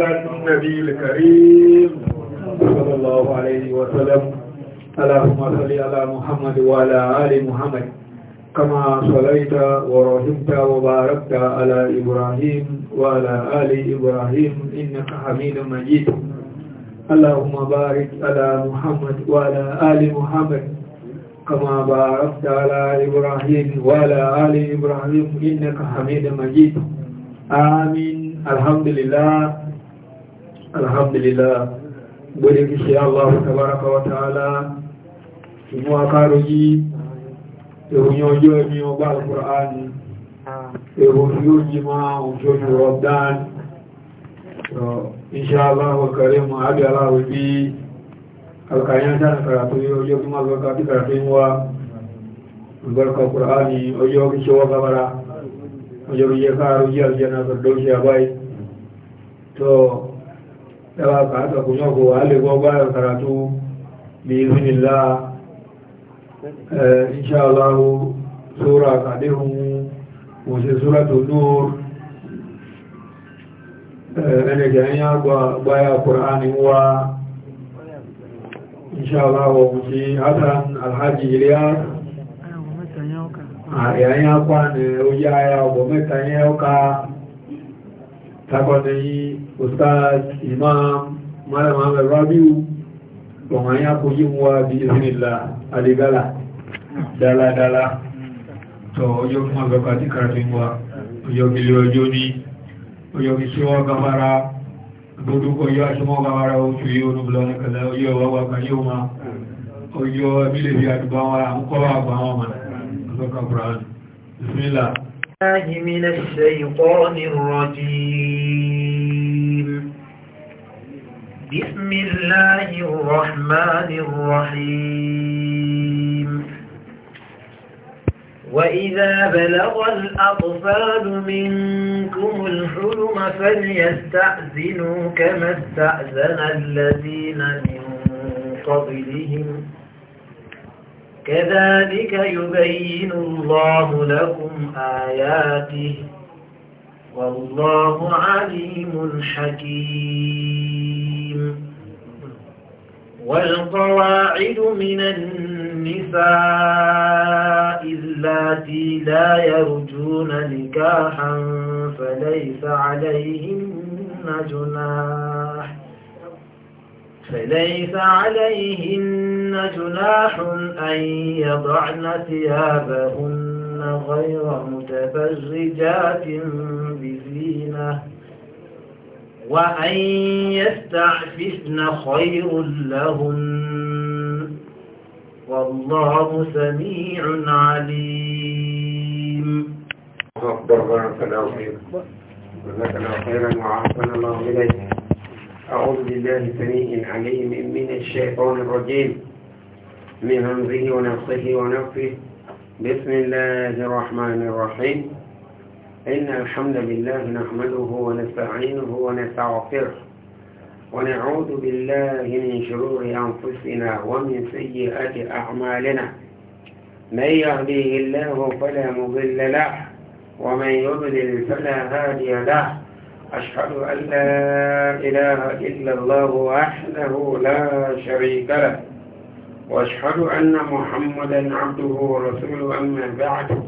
على النبي الكريم صلى الله عليه وسلم اللهم صل على محمد وعلى آل محمد كما صليت ورحمت وباركت على إبراهيم وعلى آل إبراهيم إنك حميد مجيد اللهم بارك على محمد وعلى آل محمد كما باركت على إبراهيم وعلى آل إبراهيم إنك حميد مجيد آمين الحمد لله alhamdulillah gbọ́dẹ̀ kí ṣe Allah tabaraka wa ta'ala ìmú akáró yí ìròyìn ọjọ́ ní ọgbà al-Qur'an ìròyìn yóò jí máa òjò Ramadan insha Allah wa karim abi aláwọ̀ bí alkayan sáà karatu ọjọ́ bí máa lọ́ka bí karatu wa albarka Qur'an ọjọ́ kí ṣe wọ́n gabara ọjọ́ bí yẹ káàró yí aljanna fardausi àbáyé tó ẹwà kàátà kò náà kò wà lè gbọ́ bá ẹ̀kàrà tó bí i ní ìlà ìṣàláwó sóra kàdéhùn òṣè sóra tó lóòr ẹnìyàn yá gbáyà kùránì wá ìṣàláwó sí hassan alhaji ilẹ̀ àyàyà kwánà ó yá ayà ọgbọ̀ mẹ́ta yẹ́ ọka takọ̀ ustaz imam malam ahmed rabiu domin ya koyi wa bi iznillah aligala dala dala to ọjọ́ fún agbẹ́kọ̀ àti karatun wa ọjọ́ ilé ọjọ́ ní ọjọ́ isi wọ́n gabara gbogbo ọjọ́ àti wọ́n gabara oṣù yóò ní bùlọ́ nìkàlẹ̀ ọjọ́ wọ́wọ́ kan yóò ma ọjọ́ ilé bí àdúgbà wọn àmúkọ́wà àgbà الله من الشيطان الرجيم بسم الله الرحمن الرحيم وإذا بلغ الأطفال منكم الحلم فليستأذنوا كما استأذن الذين من قبلهم كذلك يبين الله لكم آياته والله عليم حكيم والقواعد من النساء اللاتي لا يرجون نكاحا فليس عليهن جناح فليس عليهن جناح أن يضعن ثيابهن غير متبرجات بزينة وأن يستعففن خير لهن والله سميع عليم أكبر بارك الله فيك جزاك الله خيرا وعافانا الله إليه أعوذ بالله السميع العليم من الشيطان الرجيم من همزه ونفسه ونفسه بسم الله الرحمن الرحيم إن الحمد لله نحمده ونستعينه ونستغفره ونعوذ بالله من شرور أنفسنا ومن سيئات أعمالنا من يهديه الله فلا مضل له ومن يضلل فلا هادي له أشهد أن لا إله إلا الله وحده لا شريك له وأشهد أن محمدا عبده ورسوله أما بعد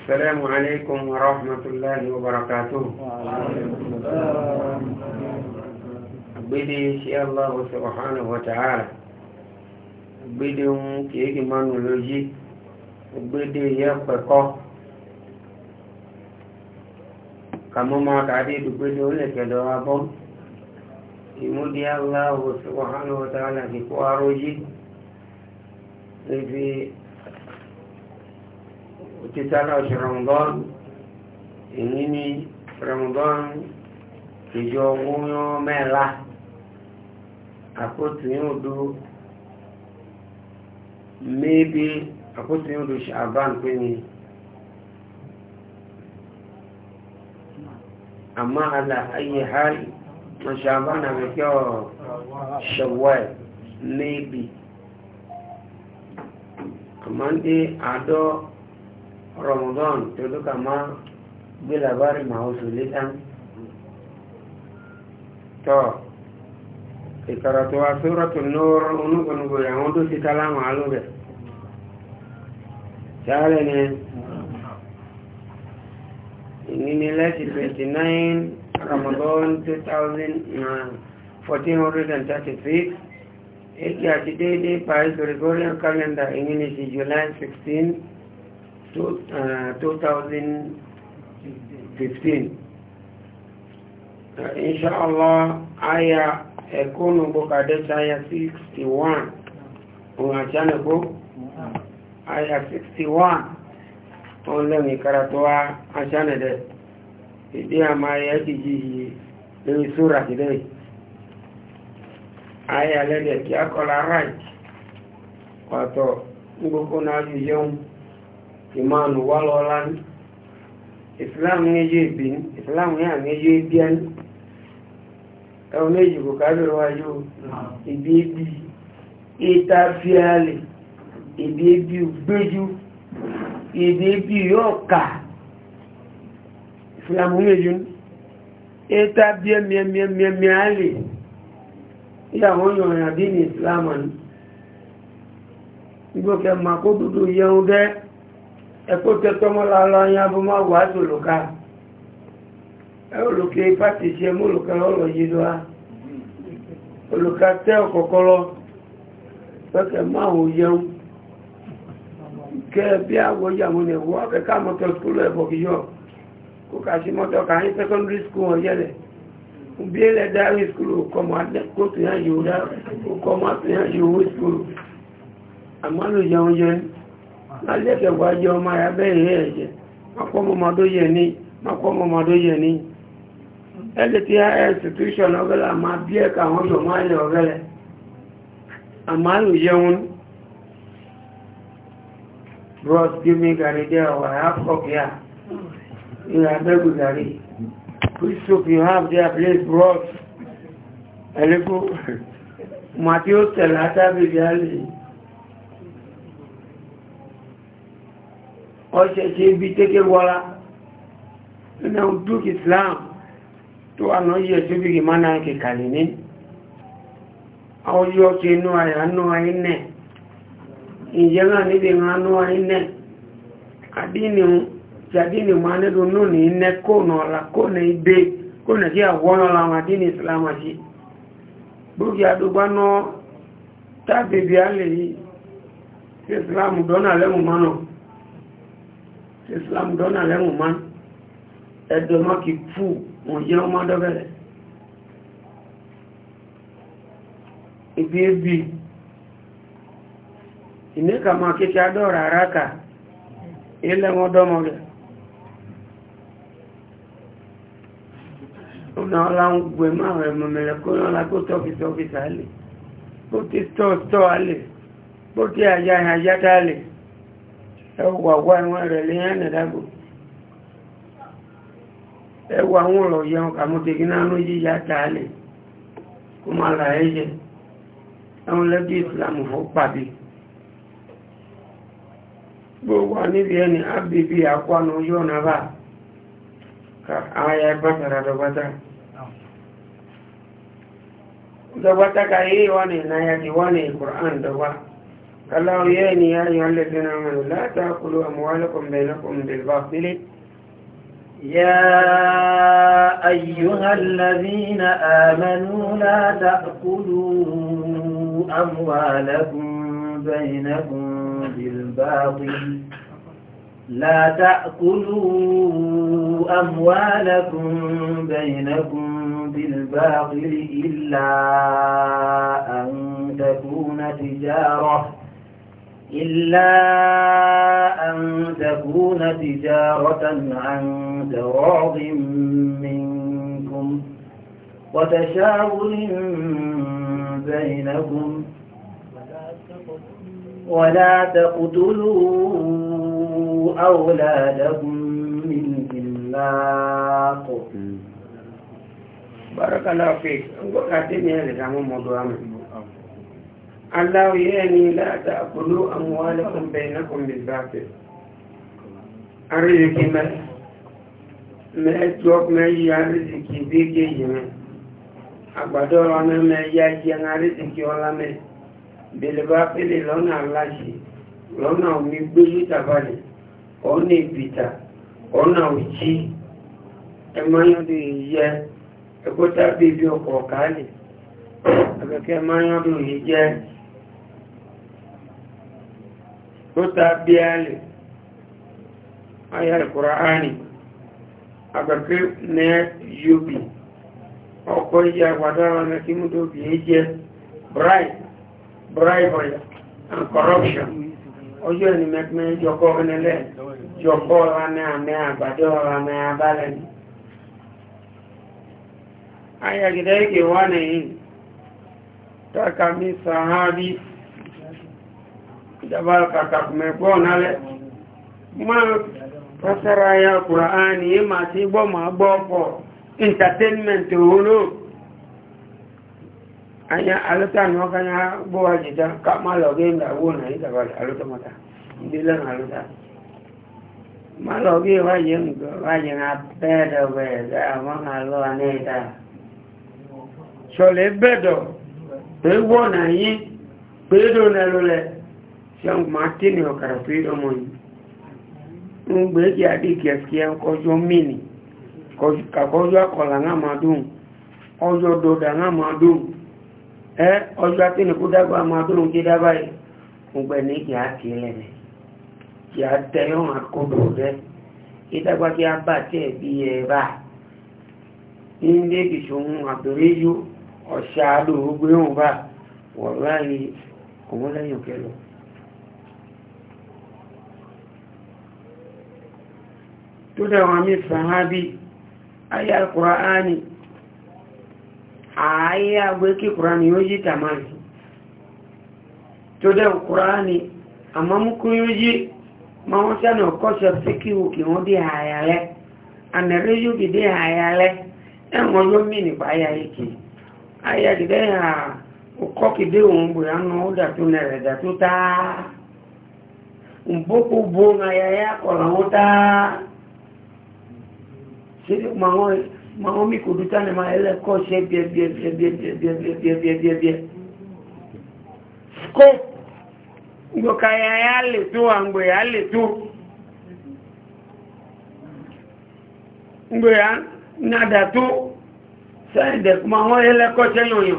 السلام عليكم ورحمة الله وبركاته بدي شاء الله سبحانه وتعالى بدي من لوجي بدي يبقى kamoma tadi dukudu le kedo abom imudi Allah subhanahu wa ta'ala ki ko aroji ibi utitala Ramadan ini ni Ramadan ijo nguyo mela akotu yudu maybe akotu yudu Shaban kwenye amma ala ayi hali shaban na mai kyau shawwal maybe amma dai ado ramadan to duka ma gbé labarin ma oṣù létan tọ́ ìkàràtọ̀ wa sórọ̀tù lóòrò onúgbònúgbò àwọn tó ti kálámà alóbẹ̀ sáàrẹ̀ ni ìnínílẹ́sì 29 Ramadan 1436 èkì àti déédéé paris gregorian calendar ìnínísì July 16 to, uh, 2015 uh, inṣáàlá àyà ẹ̀kọ́nù gbọ́kàdé sáyà 61 òun àti ànàkó 61 on lemi karatuwa a shane da idiya ma ya ji ji lemi sura idai aya lede ki akola right wato gbogbo na ju yom imanu walolan islam ni je bin islam ya ni je bien ẹ̀rọ méjì kò kábẹ̀rẹ̀ wájú ìbí ibi ìtafíàlì ìbí ibi gbéjú èdè bí yóò kà ìfìyàmù méjì ní ẹta bí ẹmẹ́mẹ́mẹ́mẹ́ alè ìyàwó yọ̀nyà bí ní ìsìlámà ní ìgbókẹ́ ma kó dúdú yẹun dẹ́ ẹ̀kọ́ tẹ́tọ́mọ́lá lọ́yìn abúmọ́ wàásù lùkà olùkẹ́ ipá ti ṣe mú olùkà ọ̀rọ̀ yìí lọ́wọ́ olùkà tẹ́ ọ̀kọ̀kọ́rọ́ pẹ́kẹ̀ máa ò yẹun kẹ́ bí àwọ̀yà mú ní ẹ̀wọ́ ọ̀fẹ́ká mọ́tọ̀ skúlù ẹ̀bọ̀ kìí yọ kó kàṣí mọ́tọ̀ kàáyí secondary school ọ̀yẹ́lẹ̀ bí ẹlẹ́ dárí skúlù kọmọ adẹ́kótù yá yóò dá kọmọ àtúnyá yóò skúlù àmọ́lù jẹun jẹun alẹ́kẹ̀wà jẹ ọmọ ya bẹ́ẹ̀ ẹ̀jẹ̀ makọ́mọmọdóyẹ ní ẹlẹ́tíyà institution ọgẹ́lẹ̀ àmà bí ẹ̀kà àwọn yọ̀ máa yẹ ọgẹ́lẹ̀ àmọ́lù jẹun bros gimi gari there or half cup here. You have Begu gari. Which soup you have there, please, bros? Eliku. Matthew Telata Bigali. Ọ̀ṣẹ̀ ṣe ibi tẹ́kẹ́ wọ́lá nínú dúk Islam tó wà náà to tó bí i máa náà kìkàlì ní. Àwọn yọ́ ṣe inú àyà náà inẹ̀ injanga nibi nganua ine adini jadini mane dununi ine kono la kone ibe kone kia wono la madini islama ji buki adubano tabi biali islamu dona lemu mano islamu dona lemu man edoma kifu onye ọmọdọ bẹ̀rẹ̀ ibi ebi ìmẹ́kà máa kéṣe adọ́ra aráka ilẹ̀ wọn dọ́mọ rẹ̀ ọ̀nà ọláhun gbé máa rẹ̀ mọ̀mẹ̀rẹ̀ kó lọ́la kó tọ́fíìsì ọ́fíìsì alẹ̀ kó tí stọ́ stọ́ alẹ̀ kó tí àyà àyàtà alẹ̀ ẹwà wá ẹ̀wọ̀n rẹ̀ lẹ́yìn ẹ̀nẹ̀dágbò ẹwà àwọn ọ̀rọ̀ yẹn kàmútegi náà ló yí yàtà alẹ̀ kó máa là ẹ̀yẹ ẹ̀wọ̀n lẹ́bí ìsìlámù fún pàbí gbogbo níbi ẹni ábìbí àkwánu yóò na bá ààyà ẹgbẹ́sàrà dọ̀gbátá dọ̀gbátá ka yí wọ́n ni náyà kí wọ́n ni kùrán dọ̀gbá kalawo yẹ́ ni yá yọ lẹ́gbẹ́ náà mọ̀ látàkùlù àmúwálẹ́kùn bẹ̀rẹ̀kùn bẹ̀rẹ̀bá fílẹ̀ يا أيها الذين آمنوا لا تأكلوا أموالكم بينكم بالباطل لا تأكلوا أموالكم بينكم بالباطل إلا أن تكون تجارة إلا أن تكون تجارة عن تراض منكم وتشاور بينكم ولا تقتلوا أولادكم من إملاق بارك الله فيك أعطيني هذا كمان موضوع الله يعني لا تأكلوا أموالكم بينكم بالباطل أريدك ما ما أتوقع ما يرزقي بيك يمين. أبدا أنا ما يجي أنا رزقي ولا ما bẹ̀rẹ̀ bá pélé lọ́nà aláṣẹ lọ́nà omi gbélé tàbálẹ̀ ọ̀nà ìbìtà ọ̀nà òjì ẹmáyọ́dọ̀ ìyẹ ẹgbọ́ta bèbí ọkọ̀ ọ̀kálẹ̀ àbẹ̀kẹ́ ẹmáyọ́dọ̀ yìí jẹ́ gbọ́ta bíálẹ̀ ayà ìkùrà ánìí agbẹ̀kẹ́ ní yóbi ọkọ̀ ìyẹ àgbàdára mẹ́kí mú tó bìí jẹ́ bright bribery and corruption ojú ẹni mẹ́kúnmẹ́ jọkọ́ ẹnẹlẹ́ jọkọ́ ọ̀rẹ́ àmì àgbàdo ọ̀rẹ́ àmì abálẹ̀ ni ayagidẹ́ ìgbè wà nìyí takami sahabi ìjọba kàkàkùnmẹ́gbọ́ nálẹ̀ máa pẹ́sẹ̀rẹ̀ ayá kùrán ní ma ti gbọ́ ma gbọ́ pọ̀ entertainment òun Hanya alota makanya nya boa kak kama loge nga wona ita ba alota mata ndila na alota maloge wa yen wa yen a bedo be da ma alo aneta so le bedo pe wona yin bedo na lo le sian martin o kara pe do mo yin ngbe ti adi keskia ko jo mini ko ka ko jo akola nga madun ojo do nga madun ẹ ọjọ́ àti nìkú dágbà máa tó ló ń ké dábà yìí gbogbo ẹni kì á ti lẹ́nu tẹ ọ̀hún àkóbò rẹ kí dágbà kí á bà tẹ̀ bí ẹ bá ilé ìṣòwò àbẹ̀rẹ̀yọ ọ̀ṣà lóògbé òun bá wọ̀ òun lẹ́yìn lọ. mi ayé aya weki Qur'ani yoji tamani tode Qur'ani amamu kuyoji mawota no kosa fiki uki odi aya le anareju gide aya le enwo yo mini pa aya iki aya gide ha ukọ kide ohun bu ya no da tu nere da tu taa mboku bu na ya ya ko na uta siri mangoi maomi kuduta ni maele koshe bie bie bie bie bie bie bie bie bie bie bie ko ngoka ya yale tu angwe yale tu ngwe ya nada tu sende kuma ho ele koshe loyo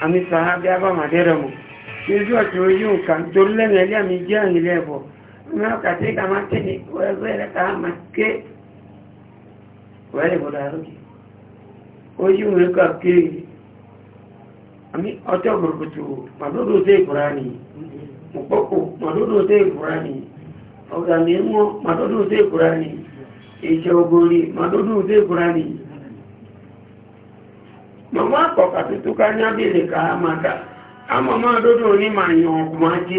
ami sahabi aba maderemo Jesu ati oyi nkan torí lẹ́nu ẹ̀lẹ́ mi jẹ́ àyìnlẹ́ ẹ̀bọ̀. nao katika make ni wewe kama ke wewe bodaruki oji umeka ke ami oto burbutu madudu te qurani mupoko madudu te qurani oganemo madudu te qurani ichogoli madudu te qurani mama ko katutukanya bile kama ka ama madudu ni manyo kumaji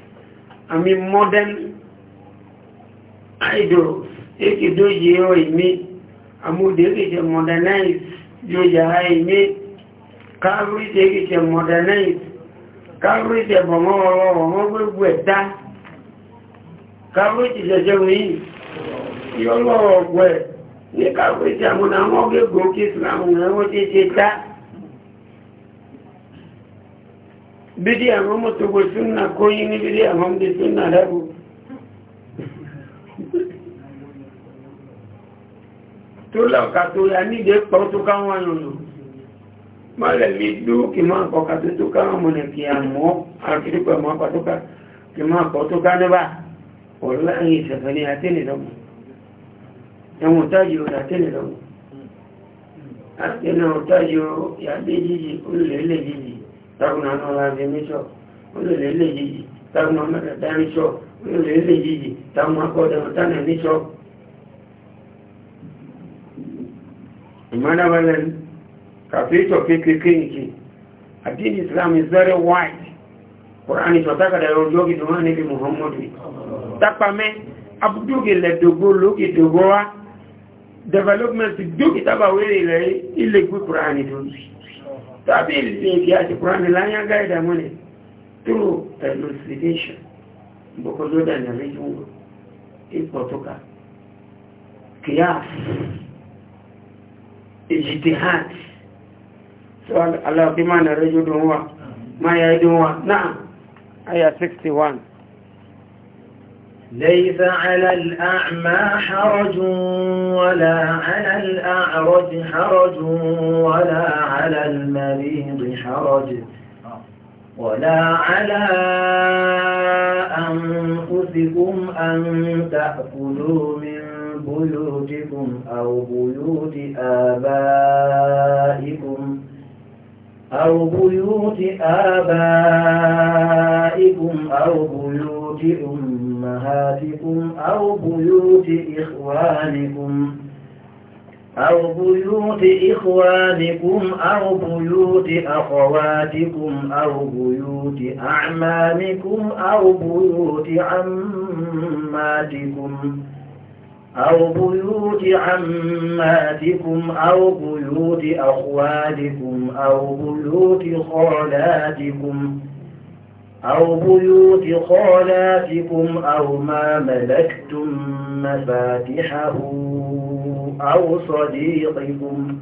àmì modern idol èkì tó yẹ ọ ìmí àmúdé èkì tẹ modernize yóò yà á ìmí calvary tẹ èkì tẹ modernize calvary tẹ bọ̀mọ́ ọ̀rọ̀ ọ̀mọ́ gbogbo ẹ̀dá calvary tẹ jẹjẹ wọ̀nyí yọ lọ́rọ̀ ọ̀gbọ̀ ẹ̀ ní calvary tẹ àmúnà wọn gbégbó kí islam náà wọ́n ti ṣe dá. bídí àwọn ọmọ tó gbé súnà kó yí ní bídí àwọn ọmọdé súnà lẹ́rù tó lọ́ọ̀ká tó yà nídé pọ̀ tó káwọn ayọ̀nà mọ́lẹ̀ lè dúkì máa kọ̀ọ̀ká tó tó káwọn mọ̀nà kí àmọ́ àkírípẹ̀ mọ́ pàtókà kí máa kọ̀ tó ká níbà ọ̀lá ìṣẹ̀fẹ̀ ní àtẹ́lẹ̀lọ́mù ẹ̀wọ̀n táyì ọ̀dà àtẹ́lẹ̀lọ́mù àti náà táyì ọ̀yà lé táwọn àna ọ̀la di níṣọ́ olùlé lè yíyí táwọn amẹ́ta dá níṣọ́ olùlé lè yíyí táwọn akọ́dọ̀ dáná níṣọ́. ìmọ̀lábalẹ̀ kàfíìtọ̀ kékeré nìkì àdínì islam is very wide kùránì sọ̀tàkàdà ọjọ́ gidimá níbi muhammadu tápamẹ́ abúdókè lẹ́dọ̀gbọ́ lókè dọ̀gbọ́ wa development dókítà bàwẹ́rẹ́ ilẹ̀ ilẹ̀ gbé kùránì tó ń sùn tàbí ìlú àti kúránì láyá gáìdà mọ́nì through elucidation bọ́kọ̀lódà ní àríjú ipò tó ká kìíyà ìjìdìhàn so aláàbí máa nà rẹ́jú dùn wá máa yà 61 ليس على الأعمى حرج ولا على الأعرج حرج ولا على المريض حرج ولا على أنفسكم أن تأكلوا من بيوتكم أو بيوت آبائكم أو بيوت آبائكم أو بيوت أمكم أمهاتكم أو بيوت إخوانكم أو بيوت إخوانكم أو بيوت أخواتكم أو بيوت أعمامكم أو بيوت عماتكم أو بيوت عماتكم أو بيوت أخوالكم أو بيوت خالاتكم أو بيوت خالاتكم أو ما ملكتم مفاتحه أو صديقكم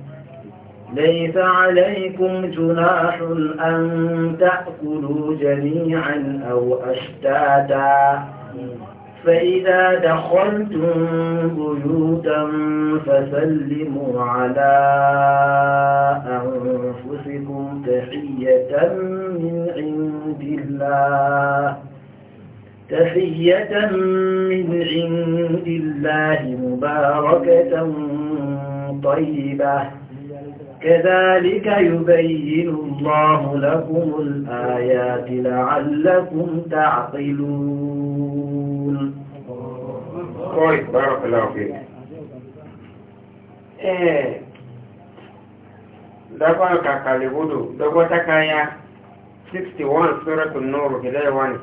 ليس عليكم جناح أن تأكلوا جميعا أو أشتاتا فإذا دخلتم بيوتا فسلموا على أنفسكم تحية من عند الله تحية من عند الله مباركة طيبة كذلك يبين الله لكم الآيات لعلكم تعقلون Sorry, barakallahu fi. Eh, dagwa kakali gudu, dagwa ta kaya 61 suratul Nur hidayah wani.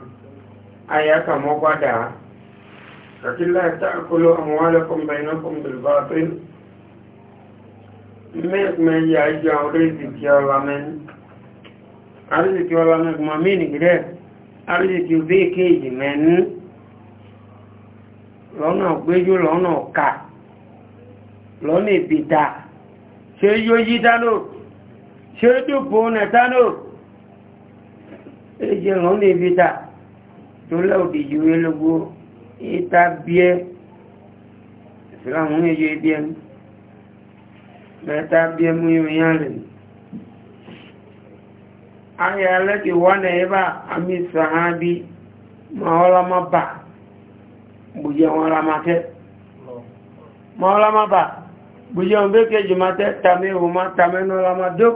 Aya kama gwada لكن لا تأكلوا أموالكم بينكم بالباطل mẹ́ẹ̀kì mẹ́yà ìjọ àwọn orílẹ̀-èdè tí ọlá mẹ́ni àríṣẹ́ tí ọlá mẹ́gbọ́n mẹ́ni gẹ́rẹ́ àríṣẹ́ tí ó bẹ́ẹ̀kẹ́ ìdì mẹ́ni lọ́nà gbéjú lọ́nà ọ̀ka lọ́nà ìbìdà ṣe yóò yí dánò ṣe dùbò nẹ̀tánò èjì lọ́nà ìbìdà tó lẹ́òdì yíwé lógó ìta bíẹ́ ìsìláàmù èyí bíẹ́ mẹ́ta bíẹ́ mú ìrìnyàn rẹ̀ ayẹ́ alẹ́kì wọ́n nẹ̀ ẹbá àmì sàhábí ma ọlọ́mọ́ bàá bùjẹ́ wọn ra máa tẹ́ mọ́ ọlá máa bà bùjẹ́ wọn bẹ́ẹ̀ kejì máa tẹ́ tàmí ìhùn máa tàmí ní ọlá máa dó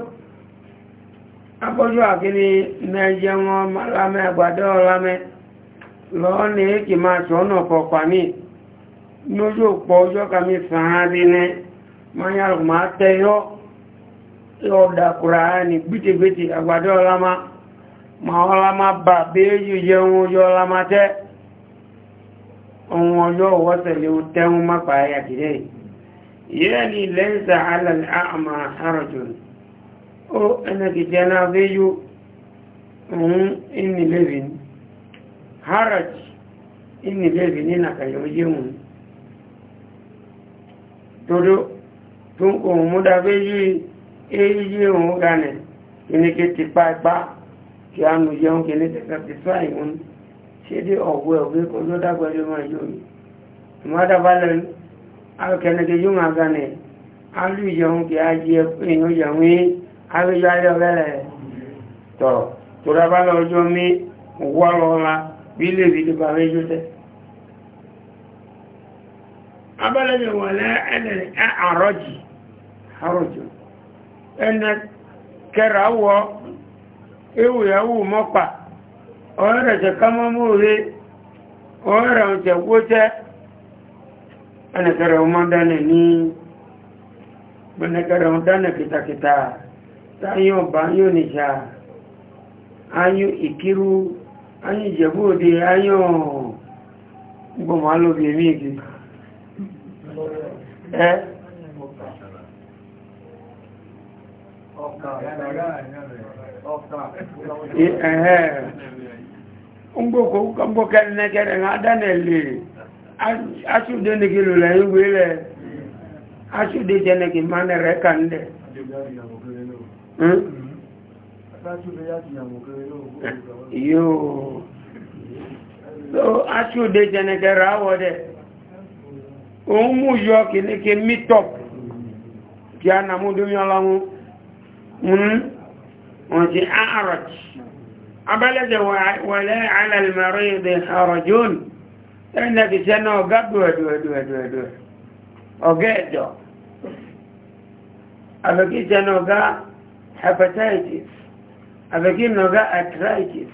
akọ́jú àkíní mẹ́jẹ wọn lámẹ́ àgbàdo lọ́ọ́ ní èkì máa pọ̀pà mí lójú ọjọ́ ní máa ní àgbàdo ma ohun ọjọ́ wọ́tẹ̀lé ó tẹ́wọ́n mápa ayà kìdẹ́ yẹ́ni lẹ́nsà alàmà àrọ̀jù ó ẹnẹ́kìtẹ́ náà fẹ́ yú ohun inilẹ́bìn haraj inilẹ́bìn ní nàkàyọ̀ yéhùn todo tún ohun múdá fẹ́ yú èyí yéhùn gánẹ̀ kìnnìkì tipa ipá kí a nù yẹun kìnnìkì tẹ̀sán ti ṣédé ọ̀gbọ́ ẹ̀gbẹ́ kò ló dágbẹ́lẹ́ máa ma ní ìmọ́dábálẹ̀ akẹ́nẹ́gẹ́ yóò máa ganẹ̀ na ìjẹun kí a jẹ èèyàn jẹun yí arúgbó ayọ́ rẹ̀ tọ̀ tó dábálẹ̀ ọjọ́ mi wọ́ lọ́la ọrụ lè rí lè bàrẹ́ yóò ewu ọ̀rẹ́ ṣe ká mọ́ mú rí ọ̀rẹ́ ọ̀ṣẹ̀ gbó ọmọ dánẹ̀ ní ẹnìkẹrẹ ọmọ dánẹ̀ kìtàkìtà táyọ̀ bá yóò nìṣà ayọ́ ìkírú ayọ́ ìjẹ̀bú mgbókẹ́ nẹ́kẹ́rẹ̀ adánẹ̀lẹ̀ aṣùdé ní kí lòlẹ̀ ìwé rẹ̀ aṣùdé jẹ́nẹ̀kì máa nẹ̀ rẹ̀ kà nílẹ̀ yóò so aṣùdé jẹ́nẹ̀kẹ́ rẹ̀ àwọ̀dẹ̀ òun mú yọ kìníkì mítọ̀p kí a nà mú dúmí ọlọ́run wọ́n ti àárọ̀tì abẹ́lẹ́sẹ̀ wọlé alàlùmọ̀rọ̀ ìdè ọ̀rọ̀ jón ẹ̀nà ti sẹ́ náà ọ̀gá dùẹ̀dùẹ̀dùẹ̀dùẹ̀ ọ̀gá ẹ̀dọ̀ àbẹ̀kí sẹ́ náà ọ̀gá hepatitis àbẹ̀kí náà ọ̀gá arthritis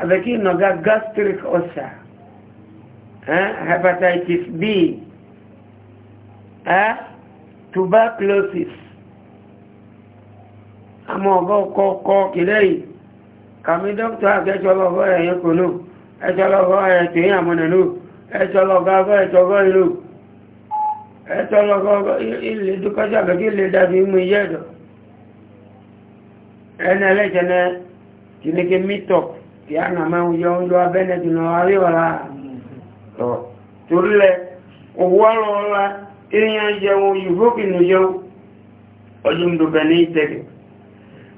àbẹ̀kí náà ọ̀gá gastric ulcer hepatitis b tuberculosis àmọ́ ọ̀gá ọkọ̀ ọkọ̀ kìlẹ̀ yìí. kàmí dọ́kítà àgẹ́jọ́lọ́ ọgọ́ ẹ̀yẹ kò lò ẹjọ́lọ́ ọgọ́ ẹ̀yẹ tó yàn mọ́nà lò ẹjọ́lọ́ ọgọ́ ọgọ́ ẹjọ́gọ́ ìlò ẹjọ́lọ́ mú ẹni ẹlẹ́jẹ̀nẹ́ mítọ̀ kí nà máa ń yọ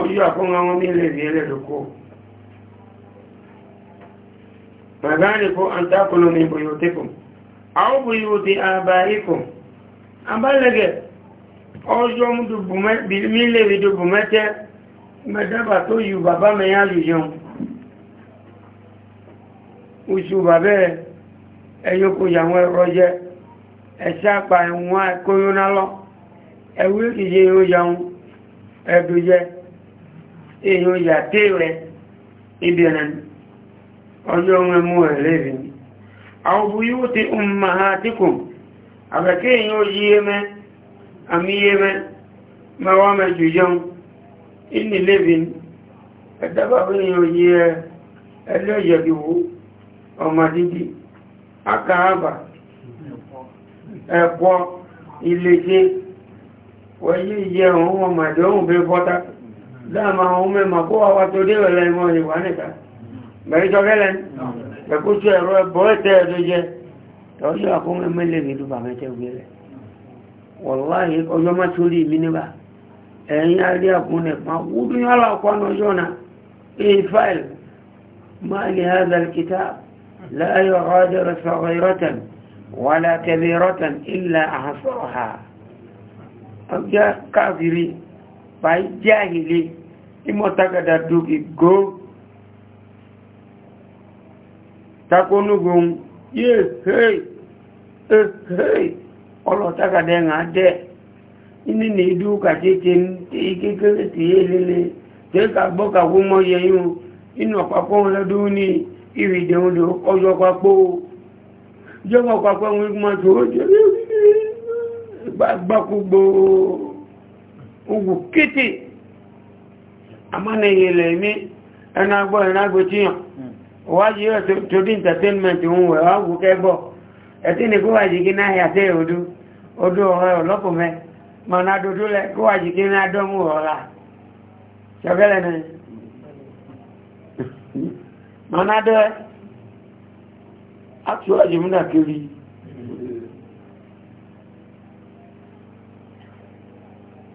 ọjọ́ àkọ́nà wọn mílẹ̀ rí ẹlẹ́dùkú màbáríkò àntákùnlù ní bòyòtíkù àwọn bòyòtí àbáríkù abálẹ́gẹ̀ ọjọ́ mílẹ̀ rí mẹ́tẹ́ mẹ́dábà tó yù bàbá mẹ́yà yùyàn oṣù ẹ̀dùjẹ́ èèyàn yàté rẹ̀ ibi onye onwe ohun mú ẹ̀lẹ́rìn àwọn bu yíò ti ń ma ha tíkùn àbẹ̀kẹ́ èèyàn yí ẹmẹ́ àmì ẹmẹ́ mẹ́wàá mẹ́jù jẹun inú lẹ́bìn ẹ̀dábàbí èèyàn yí ẹlẹ́yẹ̀dìwó ọmọ dídí akáàbà ẹ̀pọ̀ ilé jẹ́ wọ́n yí yẹ òun ọmọdé dama ume makuwa watolewe laimoni bwaneka ngaitokelen ekusueroe boeteedoje tojo akunge mele ngidu bamete ugele wallahi ojo matuli miniba ẹ̀yìn alẹ́ àkúnnẹ̀ máa wúdú yálà ọkwánà ọjọ́ náà èyí fáìl máa lè hádà kìtà láàyò rádẹ̀rẹ̀ sọ̀rọ̀rọ̀tàn wà látẹ̀lẹ̀rọ̀tàn ilẹ̀ àhásọ̀rọ̀ ha ọjọ́ káàkiri bá jáhìlì imotagada dugi go takonugun ye hey eh hey ọlọtagada ẹ̀ngà dẹ̀ inú ní ìdú kàtíkì ní kékeré tí yé lélẹ̀ tí ká gbọ́ kàwó mọ́ yẹyún inú ọ̀pápọ̀ lọ́dún ní ìrìdẹ̀ òdò ọjọ́ pápọ̀ jọmọ̀ pápọ̀ wọn mọ́ tó jẹ́ gbàgbàkúgbò ogun kéte amánẹ̀yẹlẹ̀ ní ẹnagbọ́ ẹnagbọ́ tíyàn wájú yóò tó dí entertainment ń wẹ̀ wá wù kẹ́gbọ́ ẹtí ni kó wájú kí náà yàtẹ́ odú odú ọ̀rẹ́ ọlọ́pùnmẹ́ mọ̀nà dúdú lẹ kó wájú kí náà dọ́mú ṣọ́gẹ́lẹ̀ mọ̀nà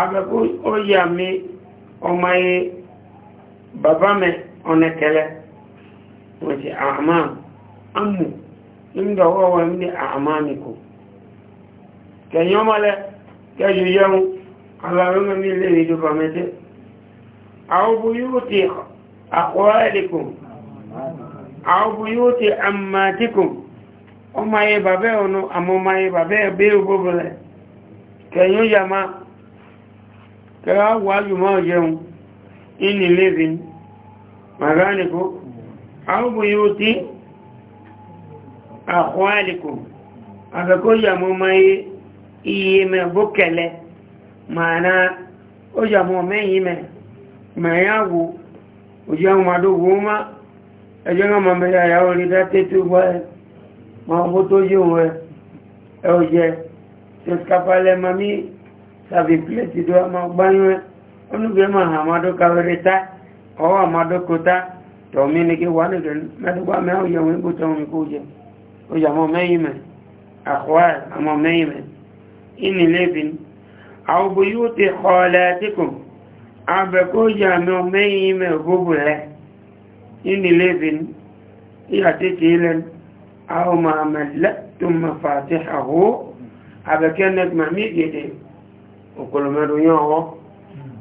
agbẹ́kú ó yà mí ọmọ yẹ bàbá mẹ ọ̀nẹ́kẹlẹ́ wọ́n ti àmà ámù ìndọ̀wọ́ wọn ní àmà nìkò kẹ̀yìn ọmọlẹ́ kẹjù yẹun alárúmọ́ mi lè rí jùkọ mẹ́tẹ́ àwọn bu yóò ti àkọwọ́ ẹ̀dẹ̀kùn àwọn bu kẹ̀yìn ó kẹ́wàá wájú mọ́ jẹun inì lèzìn magánìkò àwọn yóò tí àkọ́ẹ̀lìkò àfẹ́kọ́ yàmọ́ máyé iye mẹ́ bókẹ̀lẹ̀ màánà ó yàmọ́ mẹ́yìn ẹjọ́ náà máa mẹ́lẹ̀ àyàwó rí dáté tó ẹ tó ẹ ẹ ò ṣe kápálẹ̀ tàbí pílẹ̀tì tó ọmọ gbáyún ẹ olùgbẹ́mọ̀ àmàdókà rẹ̀ tá ọwọ́ àmàdókòtá tọ̀mí ní kí wà nìkẹ́ mẹ́tọ́gbà mẹ́wọ̀n yẹ̀wọ̀n ibò tọ́wọ́n kó jẹ ó yà mọ́ mẹ́yìn mẹ́ àkọ́wà àmọ́ mẹ́yìn mẹ́ ìní lẹ́bìn àwọn bò yóò ti kọ́ lẹ́tìkù abẹ kó yà mọ́ mẹ́yìn mẹ́ gbogbo rẹ̀ ìní lẹ́bìn ìyà tètè lẹ́nu àwọn màmẹ́lẹ́ tó mọ̀ fàtẹ́ àwọ̀ abẹ́kẹ́ nẹ́gbàmí gẹ̀dẹ̀ òkòlòmẹ́ lóyún ọwọ́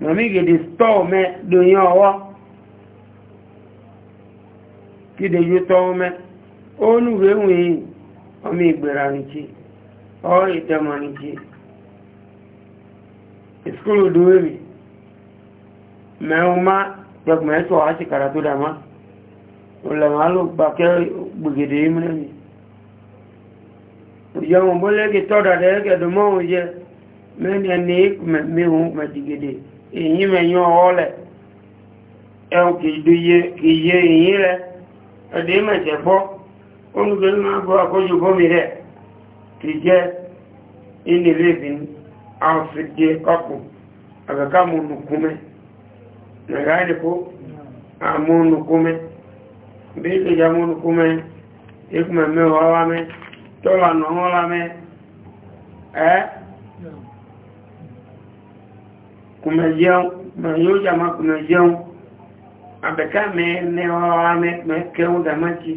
nàmí gèdè stọ́ọ̀ mẹ́ lóyún ọwọ́ kíde yóò tọ́wọ́ mẹ́ ó núwé wìn ọmọ ìgbèrà nìtí ọ ìtẹ́mọ̀ nìtí ìskúlù dúwé mi mẹ́un má gbẹ̀gbẹ̀ ẹ̀tọ́ á sì kàrà tó dàmá olùlọ́mà ló gbà kẹ́ gbogèdè yìí mú lẹ́yìn òjò àwọn bólẹ́gì tọ́dà dẹ́gẹ̀dùmọ́ mẹ́ni ẹni mẹ́wọ̀n mẹ́jìgede èyí mẹ́yìn ọwọ́ lẹ̀ ẹun kìí yé èyí rẹ̀ ẹ̀dẹ́ mẹ́jẹ̀ gbọ́ oúnjẹ́ máa gbọ́ àkójù gómi rẹ̀ kì jẹ́ inìlébìn àfìdí ọkù àgbẹ̀ká mọ̀nùkúmẹ́ nàìjíríkó àmọ́nùkúmẹ́ bí ìlẹ̀jà mọ̀nùkúmẹ́ ikú mẹ́mẹ́ wọ́wá mẹ́ tọ́lá nà ọ́ kùmẹ̀jẹun yóò jà máa kùmẹ̀jẹun àbẹ̀ká mẹ́ẹ̀ẹ́ ọ̀rọ̀ mẹ́kẹun dàmájí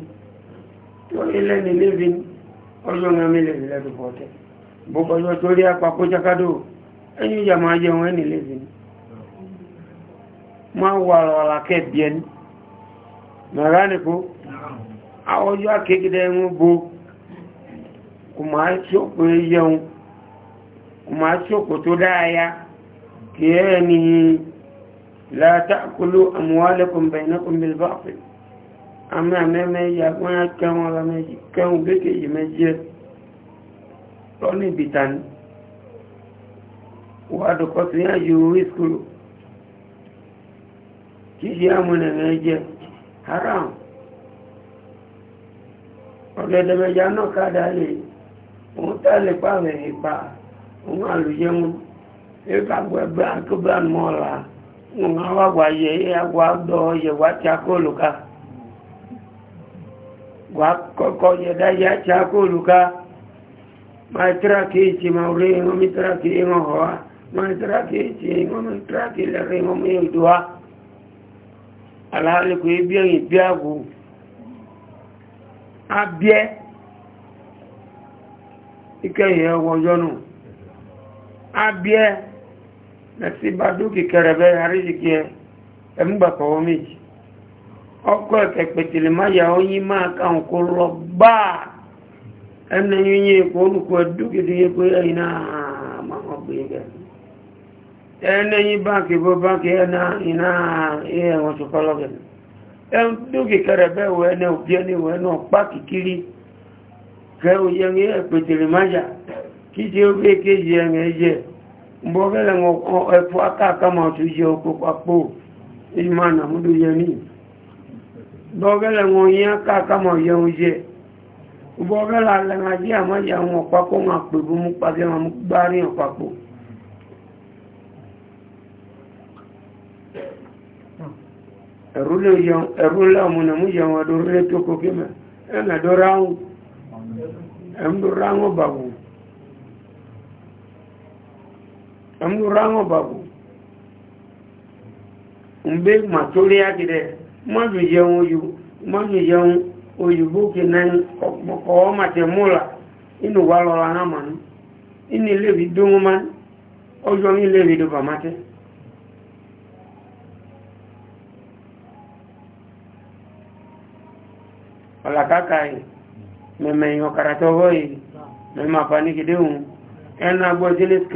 tó to ní lẹ́bìn ọjọ́ mẹ́lẹ̀ lẹ́dù pọ̀tẹ́ bókọjọ́ tó rí apapọ̀ jákádò ẹ̀yìn jà máa jẹun ẹni lẹ́bìn máa wà rọ̀lá kẹ́bí ẹni mẹ́rá nìkó ọjọ́ akékèdè ń bo kùmà ṣòkò tó dáa ya كيانه لا تأكلوا أموالكم بينكم بالباطل أما مما يكون كم ولا كم بك يمجر لوني بيتان وهذا قصيا يوريس كله كيجي أمنا مجر حرام ọ̀gẹ̀dẹ̀ mẹ́jà náà kádà lè òun tẹ́lẹ̀ pàmẹ̀ ìpa òun àlùjẹun ìkàgbẹ́ brand la nùgbà wà wà wà yẹ wà a kó olùkà wà kọ́kọ́ yẹ dá yẹ tí a kó olùkà máa tẹ́ra kìí tì ka rí ìwọ́n ma tẹ́ra kìí ìwọ́n họ́ wa máa tẹ́ra kìí tì ìwọ́n mi nasiba duki kẹrẹbẹ arizikì ẹ ẹmúgbàkọ wọn méjì ọkọ ẹkẹ pẹtẹlẹ máyà oyin máa káwọn kó lọ gbáà ẹnu yín yín èkó olùkọ duki ti yẹ pé náà ma ọ gbé bẹ ẹnu yín báńkì bó báńkì ẹwọn tó kọ lọgẹ kẹrẹbẹ wọ òbí ẹni wọ ọpá kìkiri kẹ oyẹ kí ti gbé ẹ jẹ. mbọ́gẹ́lẹ̀ ẹ̀fọ́ akáàkámà tó yẹ ọkọ̀ papò ìmọ̀ ànàmúdó yẹ ní bọ́gẹ́lẹ̀ wọn yẹ akáàkámà yẹ wọn yẹ bọ́gẹ́lẹ̀ alẹ́màjí àmájì àwọn ọ̀pápọ̀ wọn àpèbú mú pàdé wọn mú gbárí ọ̀pápọ̀ ẹ̀rúlẹ̀ ọmọnàmú yẹ wọn adórílẹ̀ tó kókè mẹ́ ẹ̀nà dọ́ráhùn ẹ̀mdọ́ráhùn bàbù mgbe bàbù ń bẹ́ màtórí àgìdẹ̀ mọ́jù jẹun oyù mọ́jù jẹun oyùbó kìnnà ọkọ̀ màtẹ̀ múlà inú wa lọ́la náà mà ní inú ilé ìbí dúnmú má ọjọ́ ní ilé ìbí dúbà mátẹ́ ọ̀làkàkà yìí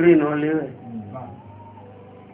mẹ̀mẹ̀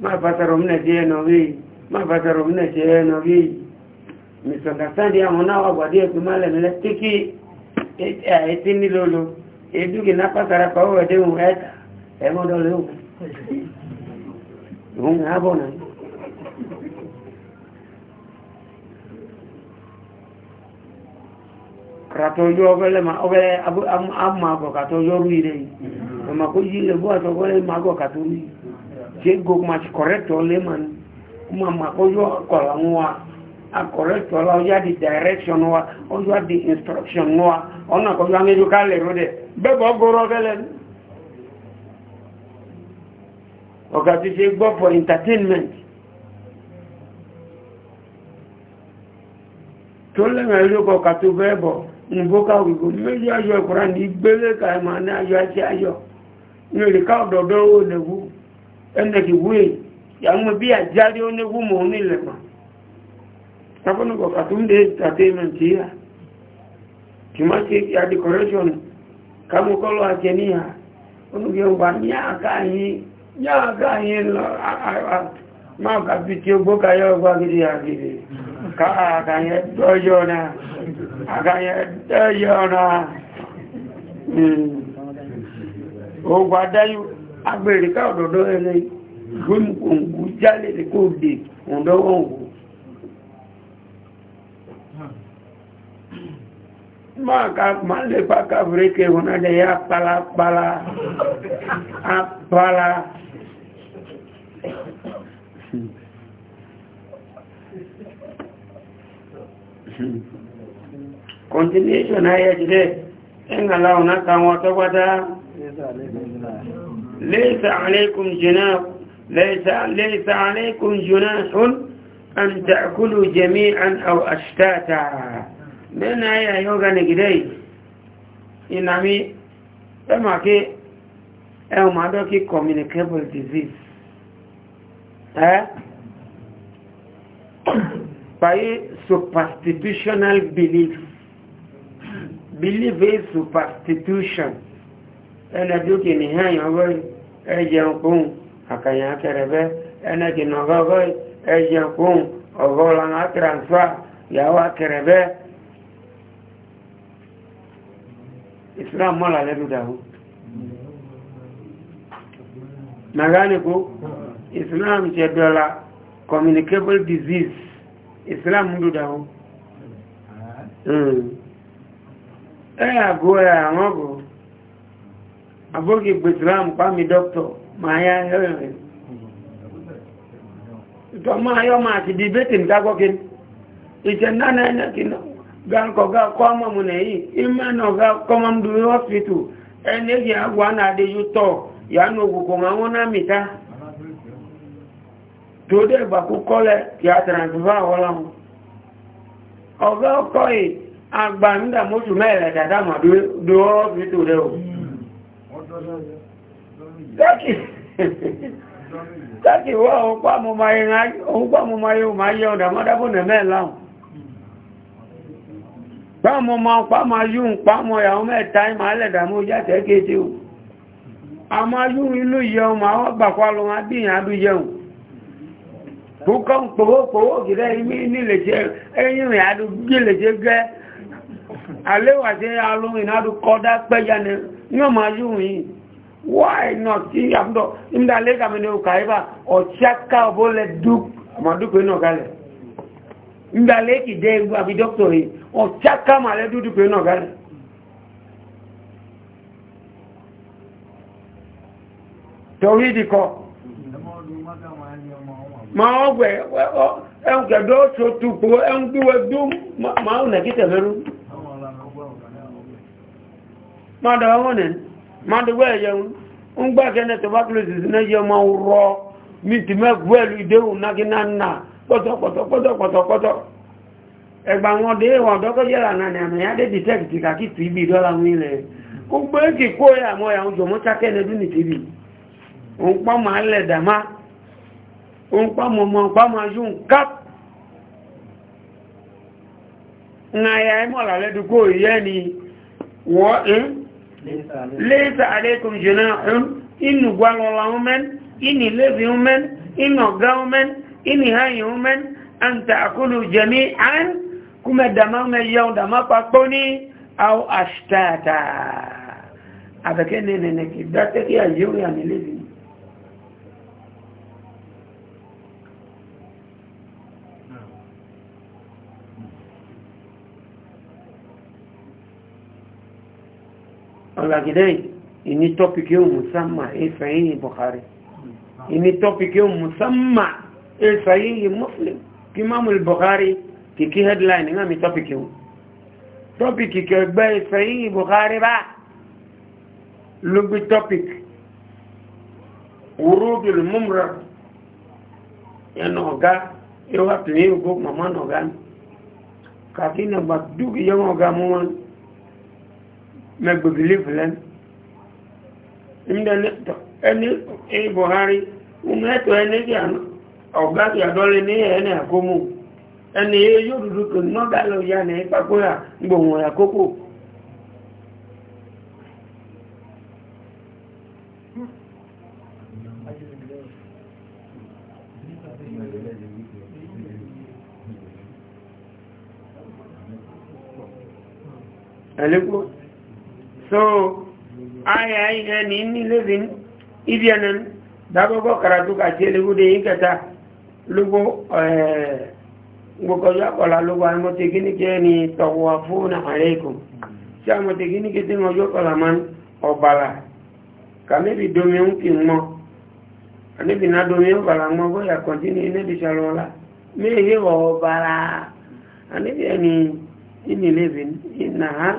ma fataro mna jeno vi ma fataro mna jeno vi misunderstand ya mona wa gwadie kumale mele tiki etini lolo edugi na patara pa wa de mu eta e mo do lu un abona rato yo gele ma obe abu am am ma go ka to yo ri de ma ko yile bo to gele ma go ka to ke go match correct ole man kuma ma ko yo ko wa a correct ola o ya di direction wa o ya di instruction wa ona ko ya ka le rode be bo goro gelen o ka ti se go for entertainment to le me lo ko ka tu be bo nbo ka wi go meji ayo qur'an ni gbele ka ma na ayo ati ayo ni le ka ododo o ẹnẹ̀kì wé àwọn bí àjárí ó ní gúnmọ̀ ụmụ ilẹ̀pọ̀ sáfọ́nùkọ̀ kàtúndé entertainment yíya kì má ṣe ya decoration kàmùkọ́lọ́ àjẹníyà onúgbẹ̀wà ní àkáyín lọ máa kàbí tí ó gbókayọ́ ọgbà gidi àgidi àkàyẹ dọ́yọ́ náà ó agbèrè ká ọ̀dọ̀dọ̀ ẹni gbóhùn òǹgù jálè lè kó dè òǹdọ́wọ́ òǹgù máa ka máa lè pa káfíríkè wọn náà jẹ́ apalapala apala continuation ayẹ́ jẹ́ ẹ̀ngàlá ọ̀nà kan wọ́n tọ́gbátá ليس عليكم جناح ليس, ليس عليكم جناح أن تأكلوا جميعا أو أشتاتا من هي يوغا نجدي إنامي أما كي أو ما كي communicable disease ها by superstitutional belief belief is superstitution أنا دوكي نهاية أولي ẹjẹun kún àkànyà kẹrẹbẹ́ ẹnẹ́jì nọ̀gọ́gọ́ ẹjẹun kún ọ̀gọ́ lànà tìrànfà yàwó kẹrẹbẹ́ islam mọ́là lẹ́dù dàrú mẹ̀gáníkù islam ṣe dọ́la communicable disease islam ń dùdà ó ẹ̀yà gó ẹ̀ àwọn ọ̀gọ̀ àbúrò ìgbè islam pàmì dọ́kítọ̀ ma yá ẹ̀rẹ̀ ìtọ́ máa yọ́ máa ti di bẹ́tì ìdágọ́kí ìtẹ̀ndá náà kí gánkọ̀ gá kọ́ na nẹ̀yí ìmẹ́nà gá kọ́mọ̀mù hospital ẹnẹ́gì àgbà náà dé yú tọ̀ yánú òkùnkùn àwọn náà na na dé ìbàkú kọ́lẹ̀ kí a tẹ̀rẹ̀ntìfà ọlọ́run ọ̀gá táàkì wá òun pa mo máa yẹn òun máa yẹn òun máa yẹ ọ̀dà mọ́dábò láhùn pa mo máa pa máa yún pa mo yàwó mẹ́ta ìmọ̀ alẹ́dà mo jáde kéde o a máa yún inú yẹun máa wọ́n gbàkọ́ lọ wọn bí ìyàn adú yóò máa yóò yìí why not tí àfúdọ̀ ìmúdá lẹ́gà mi ní òkà ibà ọ̀tíáká ọ̀bọ̀ lẹ dúk àmàdúkọ̀ iná galẹ̀ ìmúdá lẹ́kì dẹ́ igbó àbí dọ́kítọ̀ yìí ọ̀tíáká mà lẹ́ dúdúkọ̀ iná galẹ̀ torí ìdíkọ̀ ma ọgbẹ̀ ẹ̀ǹkẹ̀dọ́ tó tupò ẹ̀ǹkẹ̀wẹ̀ dún ma ọ̀nà kí tẹ̀lẹ́rú mmadụ ọhụrụ mmadụ wee yẹ tuberculosis na yẹ ma rọ miti mẹgbẹlu idewu nagi na nna pọtọpọtọpọtọpọtọ ẹgbà wọn dé wọn dọkọ yẹra nani ya adé detect kàkí tb dọla wọn ilẹ gbogbo èkì pa pa pa ya ni eh? léèsà aléìkùn jùlọ ọ̀hún inú gbálọ́lá ọmọmẹ́n inú ilébì ọmọmẹ́n inú ọ̀gá ọmọmẹ́n inú ìhàyè ọmọmẹ́n àǹtà àkúlù jẹ̀mí àn kúmẹ̀ dàmá mẹ́yẹun dàmá papọ̀ ní àwọn àṣìtàtà àbẹ̀kẹ́ nẹ́nẹ̀ẹ́kì dákẹ́kẹ́ àyẹ́wò yà ní lébì ní angagidai ini topic yao musamma e sahihi bukhari ini topic yao musamma e sahihi muslim kimamu al-bukhari kiki headline ngami topic yao topic kigbe sahihi bukhari ba lugu topic urud al-mumrar yanoga ewa pini ugo mama nogan kakina badugi mẹ́gbẹ̀ believe lẹ́nu ẹni buhari umẹ́tọ̀ ẹni bí ọ̀gá kí àdọ́lẹ̀ ní ẹni àkómù ẹni yóò dúdú tó nọ́gá lọ ya ní pàkóyà gbòhùn àkókò so ay ay eh, ni ni lewin idianan dabo ko karatu ka jele gude ikata lugo eh go ko ya ko la lugo ay moti gini ke ni tawafuna alaikum cha moti gini ke tin ojo ko la man o bala kame bi do mi un kin mo ani bi na do mi bala mo go ya continue ne bi shalola me he o bala ani bi ani eh, ini lewin inna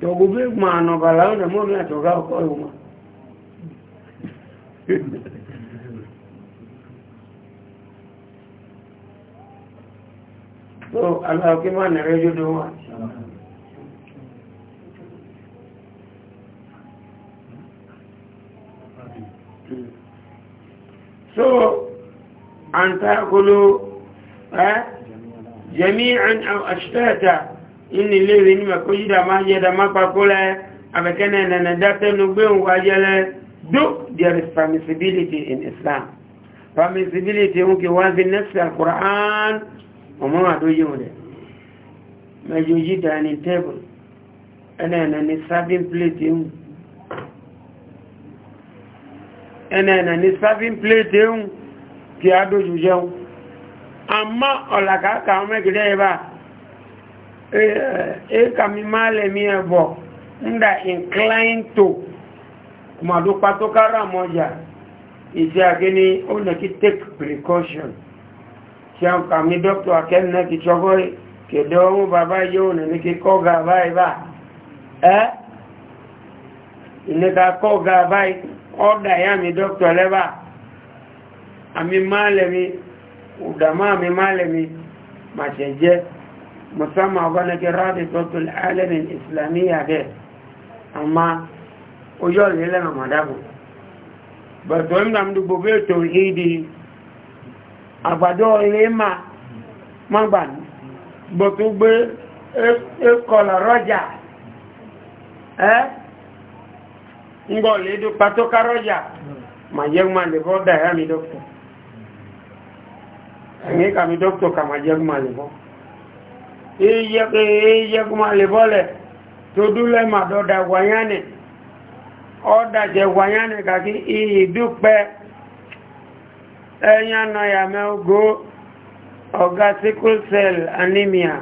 tọ̀gbogbo ìgbọ̀n ànàbàlá ọ̀dọ̀ mọ́ mi àtọ̀gá ọkọ̀ ìwọ̀n tó aláwọ̀kí máa nẹ̀rẹ́ jódó wà so an takulu eh jami'an aw ashtata ini lere ni ma ko yida ma yeda ma pa ko le abekene na na date no gbe un wajele do there is permissibility in islam permissibility un ke wazi nafsi alquran o ma do yode ma yo yida ni table ana na ni serving plate un ana na ni serving plate un ki ado jujeun amma olaka ka o me gide e eh, eh, ka mimale mi ebo nda inklinto kuma tupu to kara moja iti a kini o neki take precaution shi a mi doktor akemne kichogori kedo ohun baba iyo ne nike koga viva ehn ile ka koga viva obda ya mi doktor eleba ami malemi udama ami malemi masi je musamman ọgbọ́n jẹ́ rádìtọ́tù alẹ́rin islamiyya bẹ́ amma ojú ọ̀lẹ́ lẹ́nà mọ̀dábù bẹ̀tọ̀ ìmìnà gbogbo bẹ́ tó ìdí àgbàdo ilé ma ma gbà gbọ́tú gbé ẹkọ̀lọ̀ rọ́jà ẹ́ ngbọ̀ lédú pàtó ká rọ́jà ma jẹ́ ma lè bọ́ dàyà mi dọ́kítọ̀ ẹ̀yìn kàmi dọ́kítọ̀ kà ma jẹ́ ma lè bọ́ iyekumaliole todule madodagwayane ọdaje gwayane ka gị iyi dukpe enye nọ ya mee ogo ọga sickle cell anemia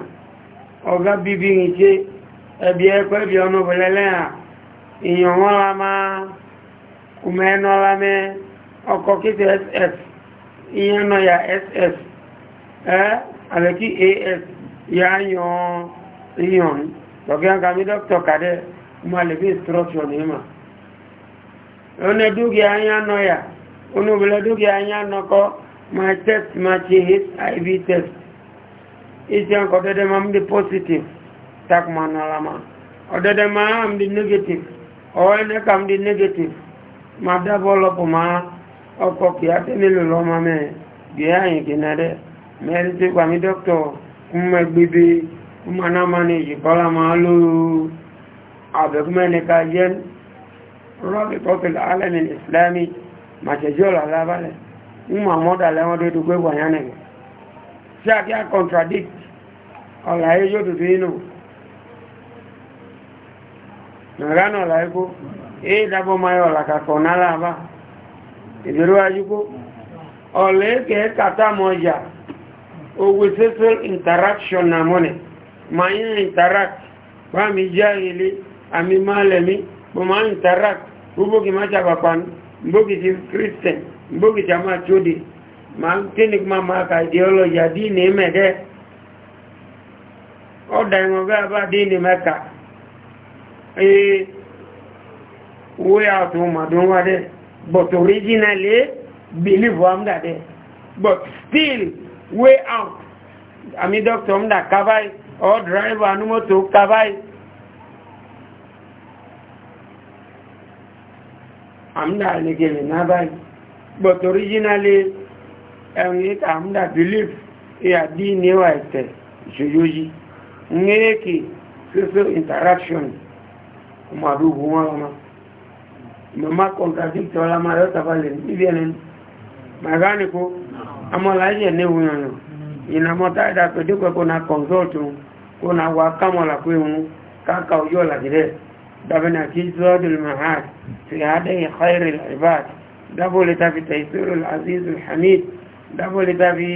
ọga bibi nche ebi ekwebi ọnụbelele ha inyonwụla ma umenụla mee ọkọkịta ss ihe nọ ya ss ee eh? aleki as ya yon yon lọ́gẹ́ àgbàmí dọ́kítọ̀ kàdẹ́ ma lè fi instruction ní ma ọ̀nà dúkìá yá nọ yà onúbìlẹ̀ dúkìá yá nọ kọ́ ma test ma ṣe hiv test ìṣẹ́ ọkọ̀ dẹ́dẹ́ ma ń di positive tak ma nọ la ọ̀dẹ́dẹ́ ma ń di negative ọwọ́ ẹ̀dẹ́ ka ń di negative ma dábọ̀ lọ́pọ̀ ma ọkọ̀ kìá tẹ́lẹ̀ lọ́mọ mẹ́ gbé àyìnkì náà dẹ́ mẹ́rin tí gbàmí dọ́kítọ̀ mmegbede mmanamani ìjìkọ́lá máa lóòrò àbẹ̀kúmẹ́nìká jẹ́ rọ́bì pọ́pìlì alẹ́mì ìsìlámi màṣẹ̀jọ́ làlábálẹ̀ mú àmọ́dà lẹ́wọ́n tó dùgbé wàyánẹ̀gẹ̀ sí àkí à contradict ọ̀làyé yóò dùdú inú nàránà ọ̀làyé kó èé dábọ́ máa yọ ọ̀làkàkọ̀ náà láàbá ìdúró ogun social interaction na mọ́nẹ̀ ma yí interact bá mi já ilé àmì máa lẹ̀mí bó ma interact gbogbo kì máa ṣàpapà gbogbo ti christian gbogbo ti a máa tóde ma ń kíni ma ma ka ideology àdí ní mẹ́gẹ́ ọ̀dà ìmọ̀gá bá dí ní mẹ́ka ee wó yà tó màdún wá dẹ́ but originally believe am that day but still way out àmì dọ́kítọ̀ ń dà kábáyì ọ́ dìráìvà anúmọ́tò kábáyì àmìdà àlegèlè náà báyìí but originally ẹ̀rùn yíká àmìdà belief ìyàdí níwà ẹ̀tẹ̀ ìṣòyóyí ní èkè social interaction ọmọ àdúgbò wọn ọmọ mọ̀má contradict ọlámà yọ́tàbálẹ̀ níbi ẹ̀lẹ́ni màgánìkó amọ̀láyé ní wùyànà ìnàmọ́ta ẹ̀dà pẹ̀dúkọ̀ kó na kọ̀ǹsọ́ọ̀tù kó na wà kámọ̀lá pé wọn káàkà ojú ọ̀là jẹ́rẹ̀ dábẹ́nà kí zọ́ọ̀dùl mahad fi àádẹ́yìn khairi al-ibad dábòlì tàbí taisirul aziz al-hamid dábòlì tàbí